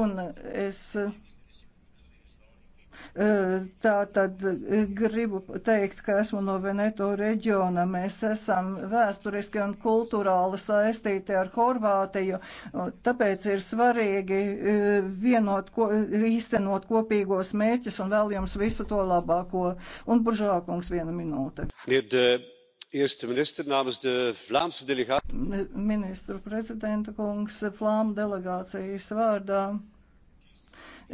Un es Eh, tā tad eh, gribu teikt, ka esmu no Veneto reģiona. Mēs esam vēsturiski un kultūrāli saistīti ar Horvātiju, tāpēc ir svarīgi eh, vienot, ko, īstenot kopīgos mērķus un vēl jums visu to labāko. Un buržākungs viena minūte. Did, uh eerste minister namens de Vlaamse delegatie. Ministru prezidenta kungs Vlaam delegācijas vārdā.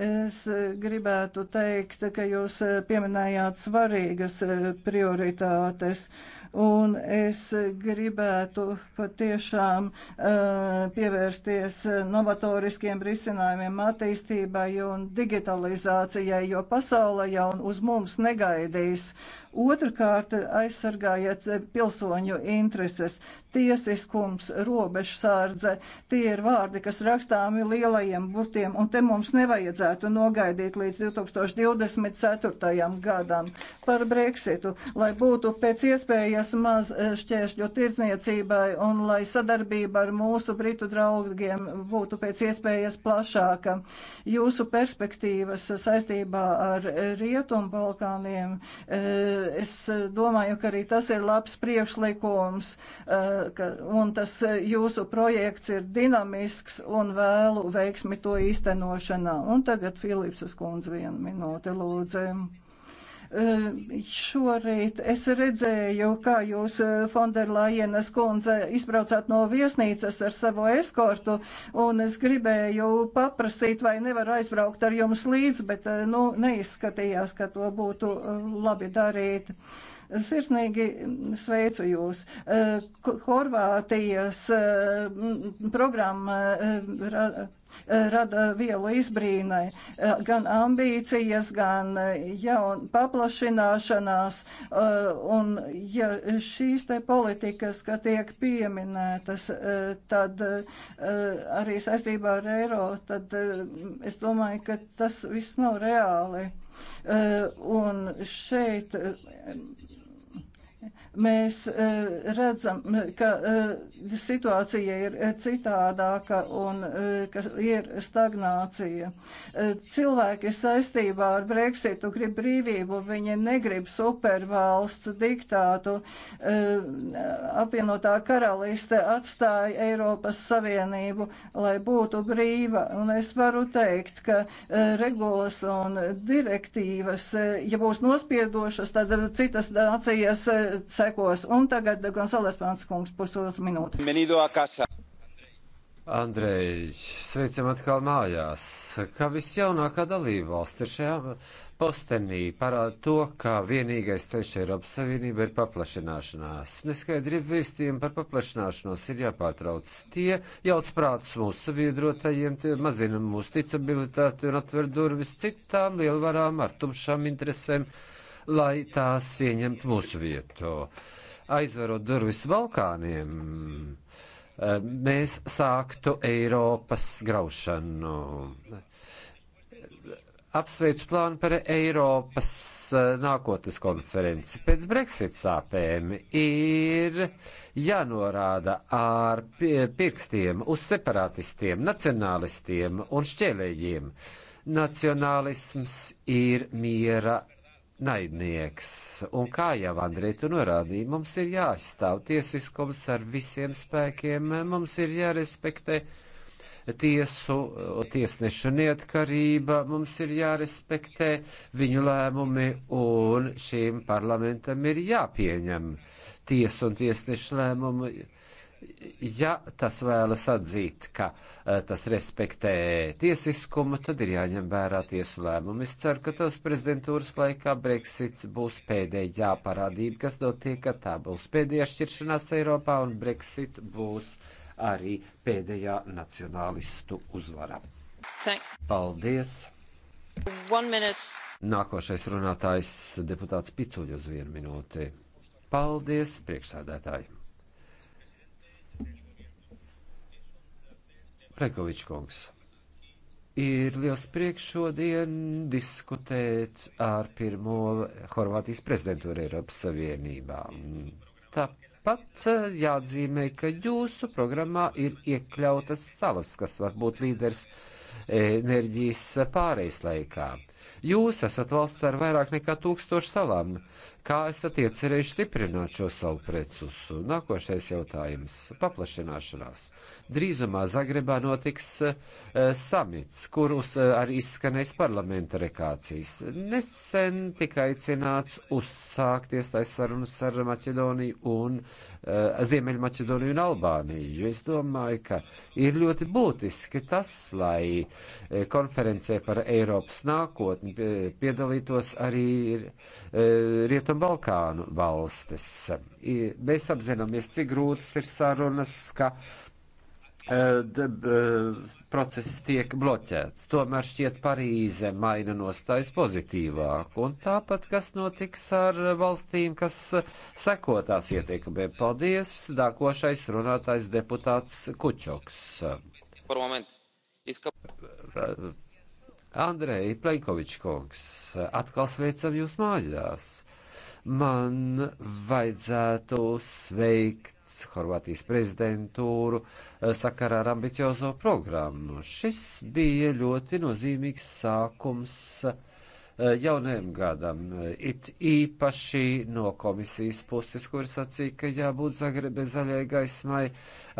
Es gribētu teikt, ka jūs pieminējāt svarīgas prioritātes. Un es gribētu patiešām eh, pievērsties novatoriskiem risinājumiem, attīstībai un digitalizācijai, jo pasaule jau uz mums negaidīs. Otrakārt, aizsargājiet pilsoņu intereses. Tiesiskums, robežsārdze, tie ir vārdi, kas rakstāmi lielajiem burtiem, un te mums nevajadzētu nogaidīt līdz 2024. gadam par Brexitu, lai būtu pēc iespējas izvairītos maz eh, šķēršļu tirzniecībai un lai sadarbība ar mūsu britu draugiem būtu pēc iespējas plašāka. Jūsu perspektīvas saistībā ar Rietumu Balkāniem, eh, es domāju, ka arī tas ir labs priekšlikums eh, un tas jūsu projekts ir dinamisks un vēlu veiksmi to īstenošanā. Un tagad Filipsas kundze vienu minūti lūdzu. Ehm, šorīt es redzēju, kā jūs, eh, Fonderlajenas kundze, izbraucāt no viesnīcas ar savu eskortu, un es gribēju paprasīt, vai nevaru aizbraukt ar jums līdz, bet, eh, nu, neizskatījās, ka to būtu eh, labi darīt. Uh, Sirsnīgi sveicu jūs. Horvātijas eh, programma eh, eh, rada vielu izbrīnai. Gan ambīcijas, gan jaun paplašināšanās, un ja šīs te politikas, ka tiek pieminētas, tad arī saistībā ar eiro, tad es domāju, ka tas viss nav reāli. Uh, un šeit uh, Mēs eh, redzam, ka eh, situācija ir eh, citādāka un ka ir stagnācija. Cilvēki saistībā ar Brexitu grib brīvību, viņi negrib supervalsts diktātu. Apvienotā karaliste atstāja Eiropas Savienību, lai būtu brīva. Un es varu teikt, ka regulas un direktīvas, ja būs nospiedošas, tad citas nācijas sekos. Un tagad Gonzales Panskungs pusotru minūtu. Andrej, sveicam atkal mājās. Kā visjaunākā dalībvalsts ir šajā postenī parāda to, ka vienīgais ceļš Eiropas Savienība ir paplašināšanās. Neskaidrība vēstījumi par paplašināšanos ir jāpārtrauc. Tie jauc prātus mūsu sabiedrotajiem, tie mazina mūsu ticabilitāti un atver durvis citām lielvarām ar tumšām interesēm lai tās ieņemtu mūsu vietu. Aizverot durvis Balkāniem, eh, mēs sāktu Eiropas graušanu apsveicu plānu par Eiropas eh, nākotnes konferenci. Pēc Brexit sāpēm ir jānorāda ar pirkstiem uz separatistiem, nacionālistiem un šķēlējiem. Nacionālisms ir miera naidnieks. Un kā jau Andrija tu norādīji, mums ir jāizstāv tiesiskums ar visiem spēkiem, mums ir jārespektē tiesu, tiesnešu neatkarība, mums ir jārespektē viņu lēmumi un šīm parlamentam ir jāpieņem tiesu un tiesnešu lēmumi ja tas vēlas atzīt, ka eh, tas respektē tiesiskumu, tad ir jāņem vērā tiesu lēmumu. Es ceru, ka tās prezidentūras laikā Brexits būs pēdējā parādība, kas notiek, ka tā būs pēdējā šķiršanās Eiropā un Brexit būs arī pēdējā nacionālistu uzvara. Thank. Paldies! Nākošais runātājs deputāts Picuļ uz vienu minūti. Paldies, priekšsādētāji! Rekovičs kungs. Ir liels prieks šodien diskutēt ar pirmo Horvātijas prezidentūru Eiropas Savienībā. Tāpat eh, jāatzīmē, ka jūsu programmā ir iekļautas salas, kas var būt līderis eh, enerģijas eh, pārejas laikā. Jūs esat valsts ar vairāk nekā tūkstošu salām, Kā esat iecerējuši stiprināt šo savu precus? Nākošais jautājums - paplašināšanās. Drīzumā Zagrebā notiks uh, samits, kurus uh, eh, arī izskanēs parlamenta rekācijas. Nesen tika aicināts uzsākt iestājas sarunas ar Maķedoniju un uh, Ziemeļmaķedoniju un Albāniju. Es domāju, ka ir ļoti būtiski tas, lai uh, konferencē par Eiropas nākotni piedalītos arī uh, rietumu un Balkānu valstis. Mēs apzināmies, cik grūtas ir sarunas, ka e, e, process tiek bloķēts. Tomēr šķiet Parīze maina nostājas pozitīvāk. Un tāpat, kas notiks ar valstīm, kas sekotās ieteikumiem. Paldies, dākošais runātājs deputāts Kučoks. Andrei Plenkovičs kungs, atkal sveicam jūs mājās man vajadzētu sveikt Horvātijas prezidentūru eh, sakarā ar ambiciozo programmu. Šis bija ļoti nozīmīgs sākums uh, Eh, jaunajam gadam. Eh, it īpaši no komisijas puses, kur sacīja, ka jābūt Zagrebe zaļai gaismai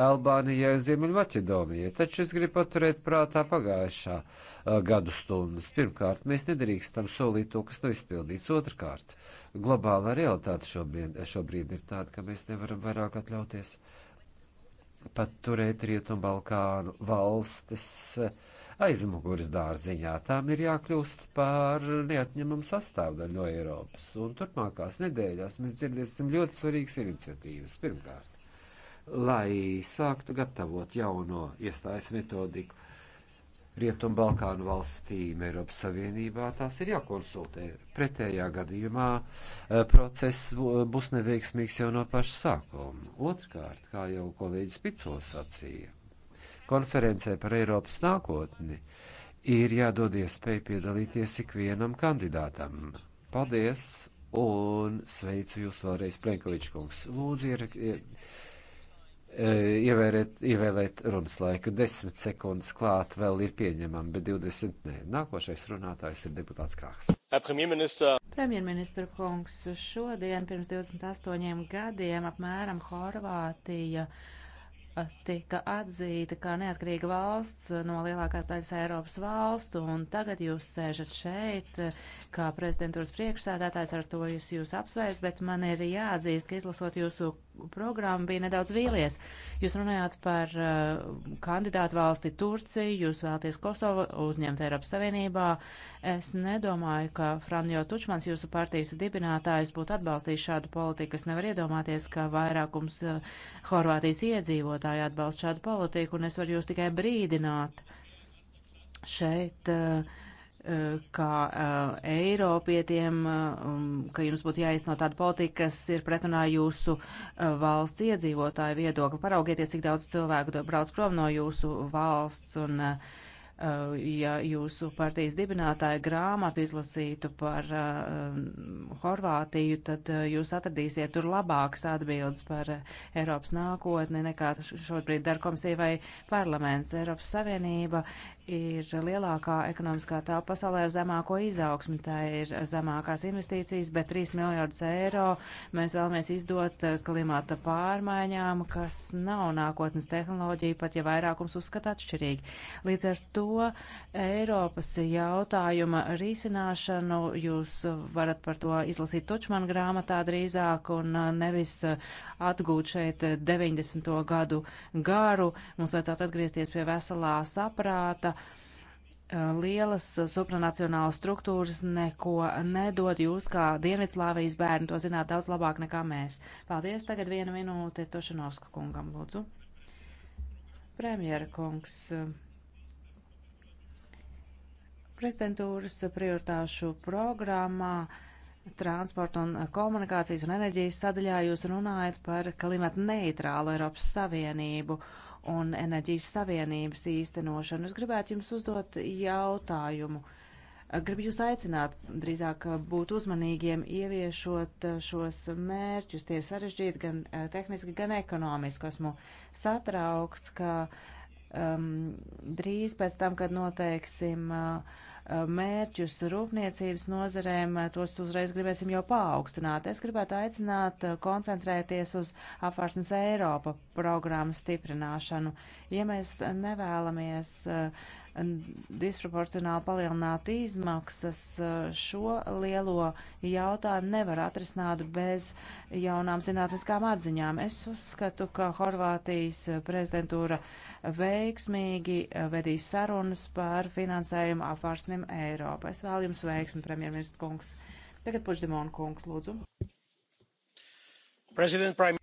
Albānijai un Ziemeļmaķedomijai. Taču es gribu paturēt prātā pagājušā eh, gadu stundas. Pirmkārt, mēs nedrīkstam solīt to, kas nav izpildīts. Otrkārt, globālā realitāte šobrīd, šobrīd ir tāda, ka mēs nevaram vairāk atļauties paturēt Rietumbalkānu valstis. Uh, aizmuguras dārziņā. Tām ir jākļūst par neatņemamu sastāvdaļu no Eiropas. Un turpmākās nedēļās mēs dzirdēsim ļoti svarīgas iniciatīvas. Pirmkārt, lai sāktu gatavot jauno iestājas metodiku Rietumbalkānu valstīm Eiropas Savienībā, tās ir jākonsultē. Pretējā gadījumā eh, process būs neveiksmīgs jau no paša sākuma. Otrkārt, kā jau kolēģis Picos sacīja konferencē par Eiropas nākotni ir jādod iespēja piedalīties ikvienam kandidātam. Paldies un sveicu jūs vēlreiz, Plenkovičs kungs. Lūdzu, ir, ir, e, ievērēt, ievēlēt runas laiku. 10 sekundes klāt vēl ir pieņemama, bet 20 nē. Nākošais runātājs ir deputāts Krāks. Premjerministra kungs, šodien pirms 28 gadiem apmēram Horvātija. Uh, tika atzīta kā neatkarīga valsts no lielākās daļas Eiropas valstu, un tagad jūs sēžat šeit eh, kā prezidentūras priekšsēdētājs, ar to jūs, jūs apsveic, bet man ir jāatzīst, ka izlasot jūsu programmu bija nedaudz vīlies. Jūs runājāt par uh, kandidātu valsti Turciju, jūs vēlaties Kosovu uzņemt Eiropas Savienībā, Es nedomāju, ka Franjo Tučmans, jūsu partijas dibinātājs, būtu atbalstījis šādu politiku. Es nevaru iedomāties, ka vairākums eh, Horvātijas iedzīvotāji atbalsta šādu politiku, un es varu jūs tikai brīdināt šeit. Uh, eh, kā uh, eh, Eiropietiem, um, ka jums būtu jāizno tāda politika, kas ir pretrunā jūsu uh, valsts iedzīvotāju viedokli. Paraugieties, cik daudz cilvēku brauc prom no jūsu valsts un uh, Eh, ja jūsu partijas dibinātāja grāmatu izlasītu par uh, Horvātiju, tad eh, jūs atradīsiet tur labākas atbildes par Eiropas nākotni nekā šobrīd dara komisija vai parlaments. Eiropas Savienība ir lielākā ekonomiskā telpa pasaulē ar zemāko izaugsmu. Tā ir zemākās investīcijas, bet 3 miljardus eiro mēs vēlamies izdot klimata pārmaiņām, kas nav nākotnes tehnoloģija, pat ja vairākums uzskata atšķirīgi. Līdz ar to Eiropas jautājuma risināšanu jūs varat par to izlasīt Tučman grāmatā drīzāk un nevis atgūt šeit 90. gadu garu. Mums vajadzētu atgriezties pie veselā saprāta. Lielas supranacionālas struktūras neko nedod. Jūs, kā Dienvidslāvijas bērni, to zināt daudz labāk nekā mēs. Paldies. Tagad viena minūte Tošanovska kungam, lūdzu. Premjera kungs prezidentūras prioritāšu programmā transporta un eh, komunikācijas un enerģijas sadaļā jūs runājat par klimata neitrālu Eiropas Savienību un enerģijas savienības īstenošanu. Es gribētu jums uzdot jautājumu. Eh, gribu jūs aicināt drīzāk eh, būt uzmanīgiem, ieviešot šos mērķus. Tie ir sarežģīti gan tehniski, gan ekonomiski. Esmu satraukts, ka um, drīz pēc tam, kad noteiksim uh, Eh, mērķus rūpniecības nozarēm, eh, tos uzreiz gribēsim jau paaugstināt. Es gribētu aicināt eh, koncentrēties uz apvārsnes Eiropa programmas stiprināšanu. Ja mēs nevēlamies uh, disproporcionāli palielināt izmaksas, šo lielo jautājumu nevar atrisināt bez jaunām zinātniskām atziņām. Es uzskatu, ka Horvātijas prezidentūra veiksmīgi vedīs sarunas par finansējumu apvārsnim Eiropā. Es vēl jums veiksmi, premjerministra kungs. Tagad Puždemona kungs, lūdzu. President, Prime...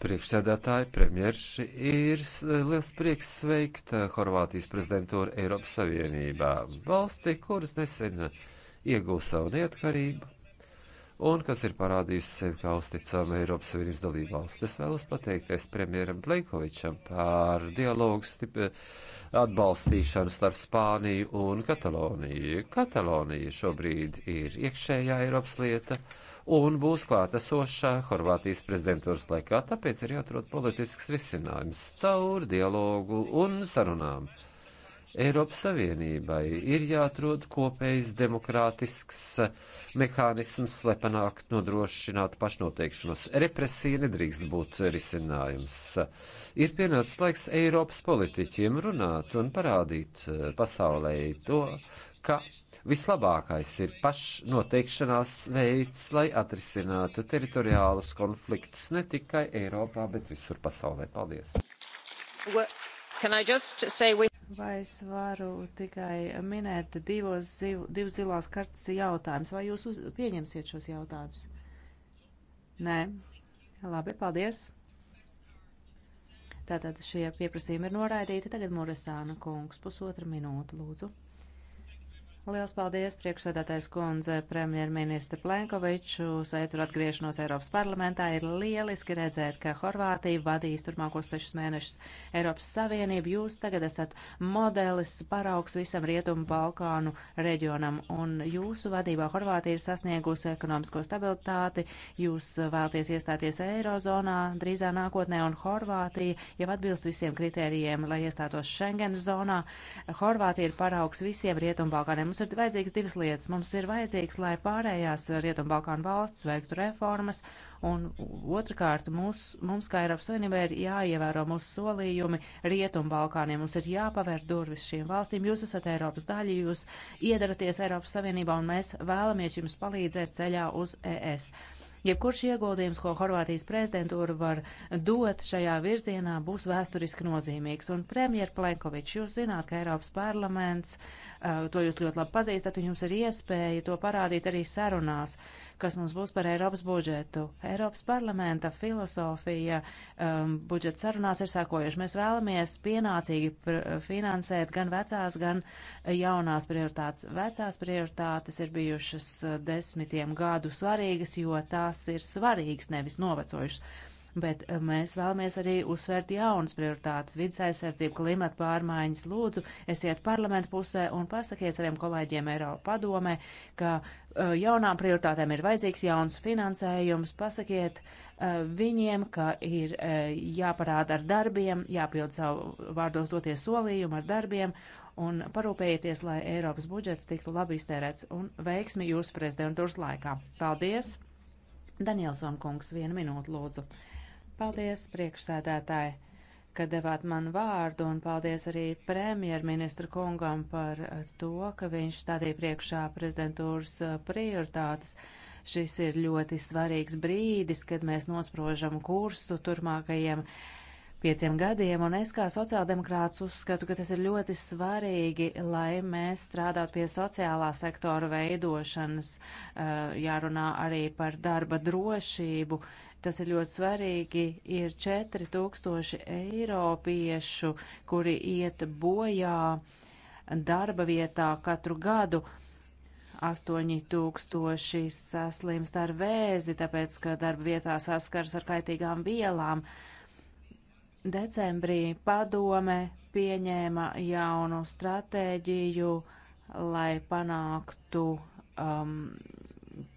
Priekšsēdētāji, premjerši, ir liels prieks sveikt eh, Horvātijas prezidentūru Eiropas Savienībā. Valsti, kuras nesen iegūst savu neatkarību un kas ir parādījusi sevi kā uzticama Eiropas Savienības dalība valsts. Es vēlos pateikties premjeram Plenkovičam par dialogu stip, atbalstīšanu starp Spāniju un Kataloniju. Katalonija šobrīd ir iekšējā Eiropas lieta un būs klātesošā Horvātijas prezidentūras laikā. Tāpēc ir jāatrod politisks risinājums caur dialogu un sarunām. Eiropas Savienībai ir jāatrod kopējs demokrātisks mehānisms, lai panāktu nodrošinātu pašnoteikšanos. Represija nedrīkst būt risinājums. Ir pienācis laiks Eiropas politiķiem runāt un parādīt pasaulē to, ka vislabākais ir pašnoteikšanās veids, lai atrisinātu teritoriālus konfliktus ne tikai Eiropā, bet visur pasaulē. Paldies! Vai es varu tikai minēt divos, divas zilās kartas jautājumus? Vai jūs uz, pieņemsiet šos jautājumus? Nē. Labi, paldies. Tātad šie pieprasījumi ir noraidīti. Tagad Moresāna kungs pusotra minūte, lūdzu. Liels paldies, priekšsēdētājs kundze, premjerministra Plenkoviču, sveicu atgriešanos Eiropas parlamentā. Ir lieliski redzēt, ka Horvātija vadīs turpmākos sešus mēnešus Eiropas Savienību. Jūs tagad esat modelis, paraugs visam Rietumu Balkānu reģionam, un jūsu vadībā Horvātija ir sasniegusi ekonomisko stabilitāti, jūs vēlties iestāties Eirozonā drīzā nākotnē, un Horvātija jau atbilst visiem kritērijiem, lai iestātos Schengen zonā. Horvātija ir paraugs visiem Rietumu Balkāniem Mums ir vajadzīgs divas lietas. Mums ir vajadzīgs, lai pārējās Rietumbalkānu valsts veiktu reformas, un otrkārt mūs, mums, kā Eiropas Savienībai, ir jāievēro mūsu solījumi Rietumbalkāniem. Mums ir jāpavērt durvis šīm valstīm. Jūs esat Eiropas daļa, jūs iedaraties Eiropas Savienībā, un mēs vēlamies jums palīdzēt ceļā uz ES. Jebkurš ieguldījums, ko Horvātijas prezidentūra var dot šajā virzienā, būs vēsturiski nozīmīgs. Un premjer Plenkovičs, jūs zināt, ka Eiropas parlaments, uh, to jūs ļoti labi pazīstat, un jums ir iespēja to parādīt arī sarunās kas mums būs par Eiropas budžetu. Eiropas parlamenta filosofija um, budžeta sarunās ir sākojuši. Mēs vēlamies pienācīgi finansēt gan vecās, gan jaunās prioritātes. Vecās prioritātes ir bijušas uh, desmitiem gadu svarīgas, jo tās ir svarīgas, nevis novecojušas bet uh, mēs vēlamies arī uzsvērt jaunas prioritātes - vidas aizsardzību, klimata pārmaiņas. Lūdzu, esiet parlamentu pusē un pasakiet saviem kolēģiem Eiropa padomē, ka Uh, jaunām prioritātēm ir vajadzīgs jauns finansējums. Pasakiet uh, viņiem, ka ir uh, jāparāda ar darbiem, jāpild savu vārdos doties solījumu ar darbiem un parūpējieties, lai Eiropas budžets tiktu labi iztērēts un veiksmi jūsu prezidentūras laikā. Paldies! Danielson kungs, vienu minūtu lūdzu. Paldies, priekšsēdētāji! ka devāt man vārdu, un paldies arī premjerministra kungam par eh, to, ka viņš stādīja priekšā prezidentūras eh, prioritātes. Šis ir ļoti svarīgs brīdis, kad mēs nosprožam kursu turmākajiem pieciem gadiem, un es kā sociāldemokrāts uzskatu, ka tas ir ļoti svarīgi, lai mēs strādātu pie sociālā sektora veidošanas, eh, jārunā arī par darba drošību, Tas ir ļoti svarīgi. Ir 4000 eiropiešu, kuri iet bojā darba vietā katru gadu. 8000 saslimst ar vēzi, tāpēc, ka darba vietā saskars ar kaitīgām vielām. Decembrī padome pieņēma jaunu stratēģiju, lai panāktu um,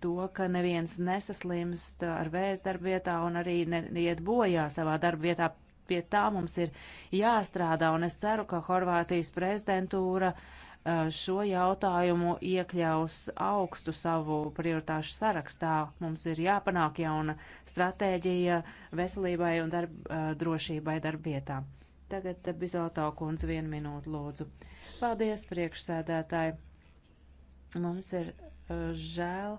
to, ka neviens nesaslimst ar vēzi darbvietā un arī neiet bojā savā darbvietā. Pie tā mums ir jāstrādā, un es ceru, ka Horvātijas prezidentūra šo jautājumu iekļaus augstu savu prioritāšu sarakstā. Mums ir jāpanāk jauna stratēģija veselībai un darb, drošībai darbvietā. Tagad Bizoto kundze vienu minūtu lūdzu. Paldies, priekšsēdētāji! Mums ir žēl,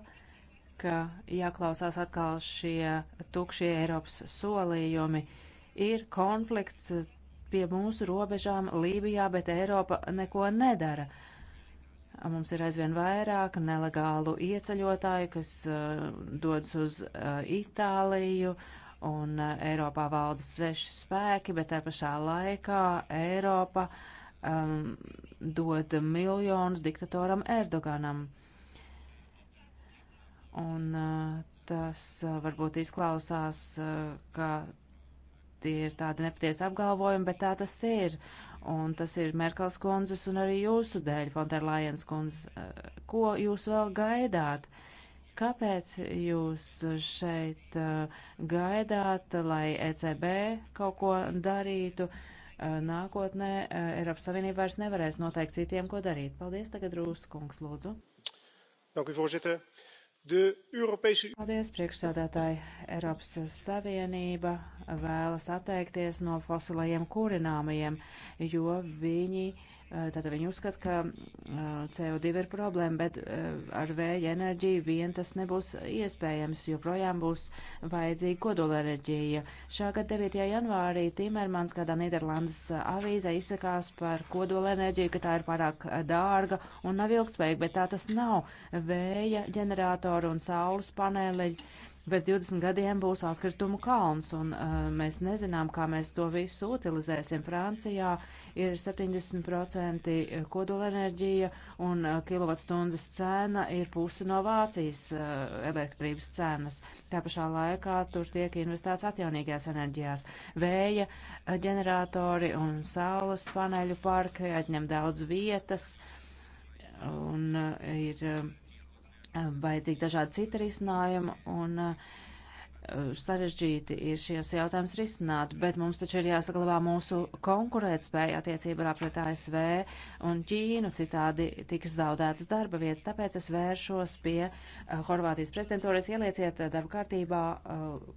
ka jāklausās atkal šie tukšie Eiropas solījumi. Ir konflikts pie mūsu robežām Lībijā, bet Eiropa neko nedara. Mums ir aizvien vairāk nelegālu ieceļotāju, kas uh, dodas uz uh, Itāliju, un uh, Eiropā valda sveši spēki, bet tajā pašā laikā Eiropa um, dod miljonus diktatoram Erdoganam. Uh, Un uh, tas uh, varbūt izklausās, uh, ka tie ir tādi nepatiesi apgalvojumi, bet tā tas ir. Un tas ir Merkels kundzes un arī jūsu dēļ, Fonterlajens kundze. Ko jūs vēl gaidāt? Kāpēc jūs šeit gaidāt, lai ECB kaut ko darītu? Nākotnē Eiropas Savienība vairs nevarēs noteikt citiem, ko darīt. Paldies, tagad Rūskungs, lūdzu. Dank u, voorzitter. Paldies, priekšsādātāji. Eiropas Savienība vēlas atteikties no fosilajiem kurināmajiem, jo viņi Eh, tātad viņi uzskata, ka eh, CO2 ir problēma, bet eh, ar vēja enerģiju vien tas nebūs iespējams, jo projām būs vajadzīga kodolenerģija. Šā gada 9. janvārī Timermans kādā Nīderlandes avīzē izsakās par kodolenerģiju, ka tā ir pārāk dārga un nav ilgtspējīga, bet tā tas nav. Vēja ģeneratori un saules paneļi Pēc 20 gadiem būs atkritumu kalns, un uh, mēs nezinām, kā mēs to visu utilizēsim. Francijā ir 70% kodolenerģija, un uh, kilovatstundas cena ir pusi no Vācijas uh, elektrības cenas. Tā pašā laikā tur tiek investēts atjaunīgās enerģijās. Vēja uh, ģeneratori un saules paneļu parki aizņem daudz vietas, un uh, ir. Uh, vajadzīgi dažādi citi risinājumi, un uh, sarežģīti ir šīs jautājums risināt, bet mums taču ir jāsaglabā mūsu konkurētspēja attiecībā pret ASV un Ķīnu, citādi tiks zaudētas darba vietas. Tāpēc es vēršos pie uh, Horvātijas prezidentūras, ielieciet darba kārtībā uh,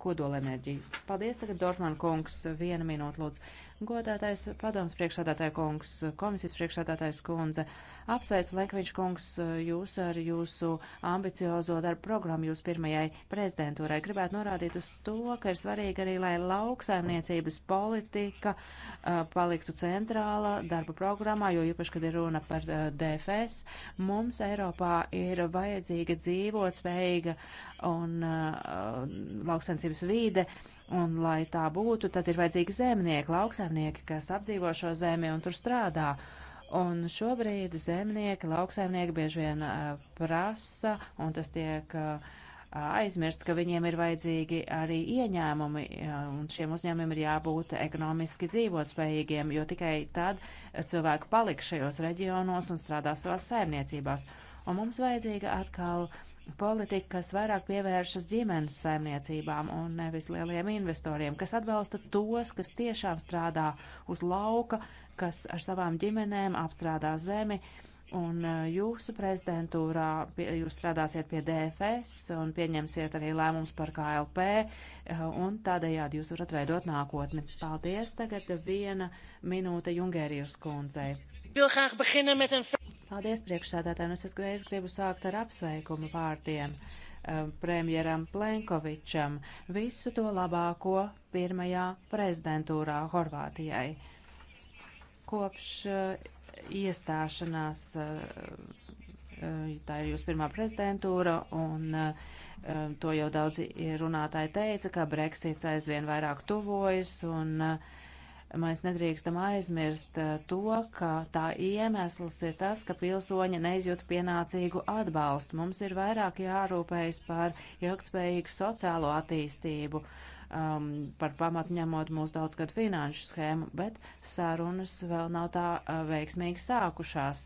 kodolenerģiju. Paldies, tagad Dorfman kungs, viena minūte lūdzu. Godātais padoms priekšsādātāja kungs, komisijas priekšsādātājs kundze, apsveicu Lekviņš kungs jūs ar jūsu ambiciozo darbu programmu jūs pirmajai prezidentūrai. Gribētu norādīt uz to, ka ir svarīgi arī, lai lauksaimniecības politika uh, paliktu centrāla darba programmā, jo īpaši, kad ir runa par uh, DFS, mums Eiropā ir vajadzīga dzīvot spējīga un uh, lauksaimniecības lauksaimniecības vīde, un lai tā būtu, tad ir vajadzīgi zemnieki, lauksaimnieki, kas apdzīvo šo zemi un tur strādā. Un šobrīd zemnieki, lauksaimnieki bieži vien uh, prasa, un tas tiek uh, aizmirsts, ka viņiem ir vajadzīgi arī ieņēmumi, un šiem uzņēmumiem ir jābūt ekonomiski dzīvotspējīgiem, jo tikai tad cilvēki paliks šajos reģionos un strādās savās saimniecībās. Un mums vajadzīga atkal uh, politika, kas vairāk pievēršas ģimenes saimniecībām un nevis lieliem investoriem, kas atbalsta tos, kas tiešām strādā uz lauka, kas ar savām ģimenēm apstrādā zemi. Un uh, jūsu prezidentūrā pie, jūs strādāsiet pie DFS un pieņemsiet arī lēmums par KLP, uh, un tādējādi jūs varat veidot nākotni. Paldies, tagad viena minūte Jungērijas kundzei. Paldies, priekšsādātāji. Es, es gribu sākt ar apsveikumu vārdiem eh, premjeram Plenkovičam visu to labāko pirmajā prezidentūrā Horvātijai. Kopš eh, iestāšanās, eh, tā ir jūsu pirmā prezidentūra, un to jau daudzi runātāji teica, ka Brexits aizvien vairāk tuvojas, un uh, mēs nedrīkstam aizmirst eh, to, ka tā iemesls ir tas, ka pilsoņi neizjūt pienācīgu atbalstu. Mums ir vairāk jārūpējas par ilgtspējīgu sociālo attīstību, um, par pamatu ņemot mūsu daudzgadu finanšu schēmu, bet sarunas vēl nav tā uh, veiksmīgi sākušās.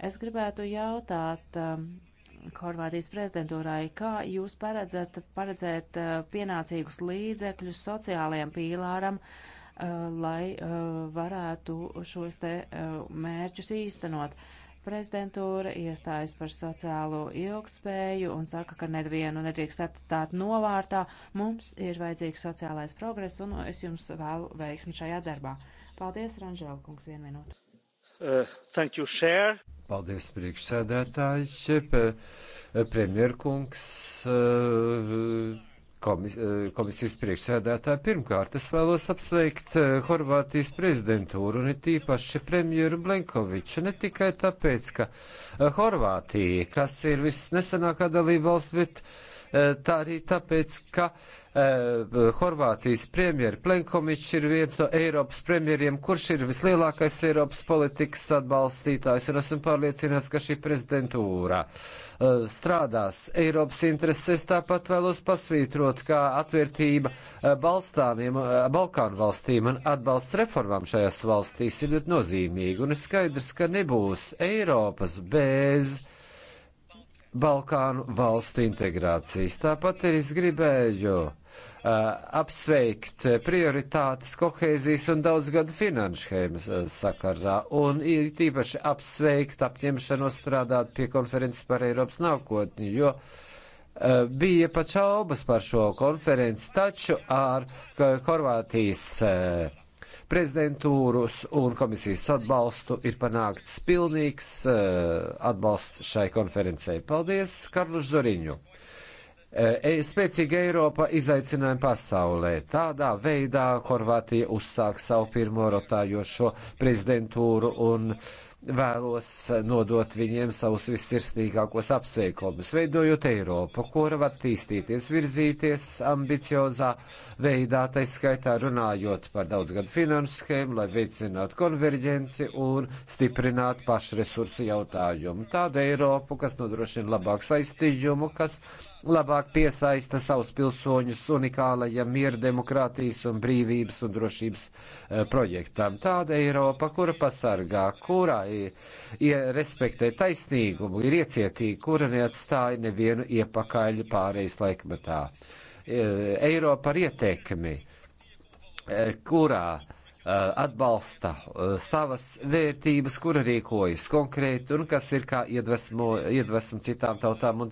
Es gribētu jautāt. Um, Horvātijas prezidentūrai, kā jūs paredzat, paredzēt uh, pienācīgus līdzekļus sociālajiem pīlāram, uh, Uh, lai uh, varētu šos te uh, mērķus īstenot. Prezidentūra iestājas par sociālo ilgtspēju un saka, ka nevienu nedrīkst atstāt novārtā. Mums ir vajadzīgs sociālais progress, un es jums vēlu veiksmi šajā darbā. Paldies, Ranžēla kungs, vienu minūtu. Uh, thank you, Chair. Paldies, priekšsēdētājs, premjerkungs. Uh, komis, eh, komisijas priekšsēdētāji. Pirmkārt, es vēlos apsveikt eh, Horvātijas prezidentūru un it īpaši premjeru Blenkoviču. Ne tikai tāpēc, ka eh, Horvātija, kas ir visnesenākā dalība valsts, bet Eh, tā arī tāpēc, ka eh, Horvātijas premjeri Plenkomičs ir viens no Eiropas premjeriem, kurš ir vislielākais Eiropas politikas atbalstītājs, un esmu pārliecināts, ka šī prezidentūra eh, strādās Eiropas intereses. Tāpat vēlos pasvītrot, kā atvērtība balstāmiem, Balkānu valstīm un atbalsts reformām šajās valstīs ir ļoti nozīmīga, un ir skaidrs, ka nebūs Eiropas bez. Balkānu valstu integrācijas. Tāpat arī es gribēju uh, apsveikt prioritātes kohēzijas un daudzgadu finanšu schēmas uh, sakarā un ir tīpaši apsveikt apņemšanos strādāt pie konferences par Eiropas nākotni, jo uh, bija pat šaubas par šo konferenci, taču ar Horvātijas uh, prezidentūras un komisijas atbalstu ir panākts pilnīgs eh, atbalsts šai konferencei. Paldies, Karluš Zoriņu! Eh, e, spēcīga Eiropa izaicinājuma pasaulē. Tādā veidā Horvātija uzsāk savu pirmo rotājošo prezidentūru un uh, vēlos eh, nodot viņiem savus vissirsnīgākos apsveikumus, veidojot Eiropu, kura var attīstīties, virzīties ambiciozā veidā, tai skaitā runājot par daudzgadu finanšu schēmu, lai veicinātu konverģenci un stiprinātu pašresursu jautājumu. Tādu Eiropu, kas nodrošina labāku saistījumu, kas labāk piesaista savus pilsoņus unikālajam mieru, demokrātijas un brīvības un drošības e, projektam. Tāda Eiropa, kura pasargā, kurā respektē taisnīgumu, ir iecietīga, kura neatstāja nevienu iepakaļ pārējais laikmetā. E, Eiropa ar ietekmi, e, kurā atbalsta savas vērtības, kura rīkojas konkrēti un kas ir kā iedvesmo, iedvesmu citām tautām un teritorijām.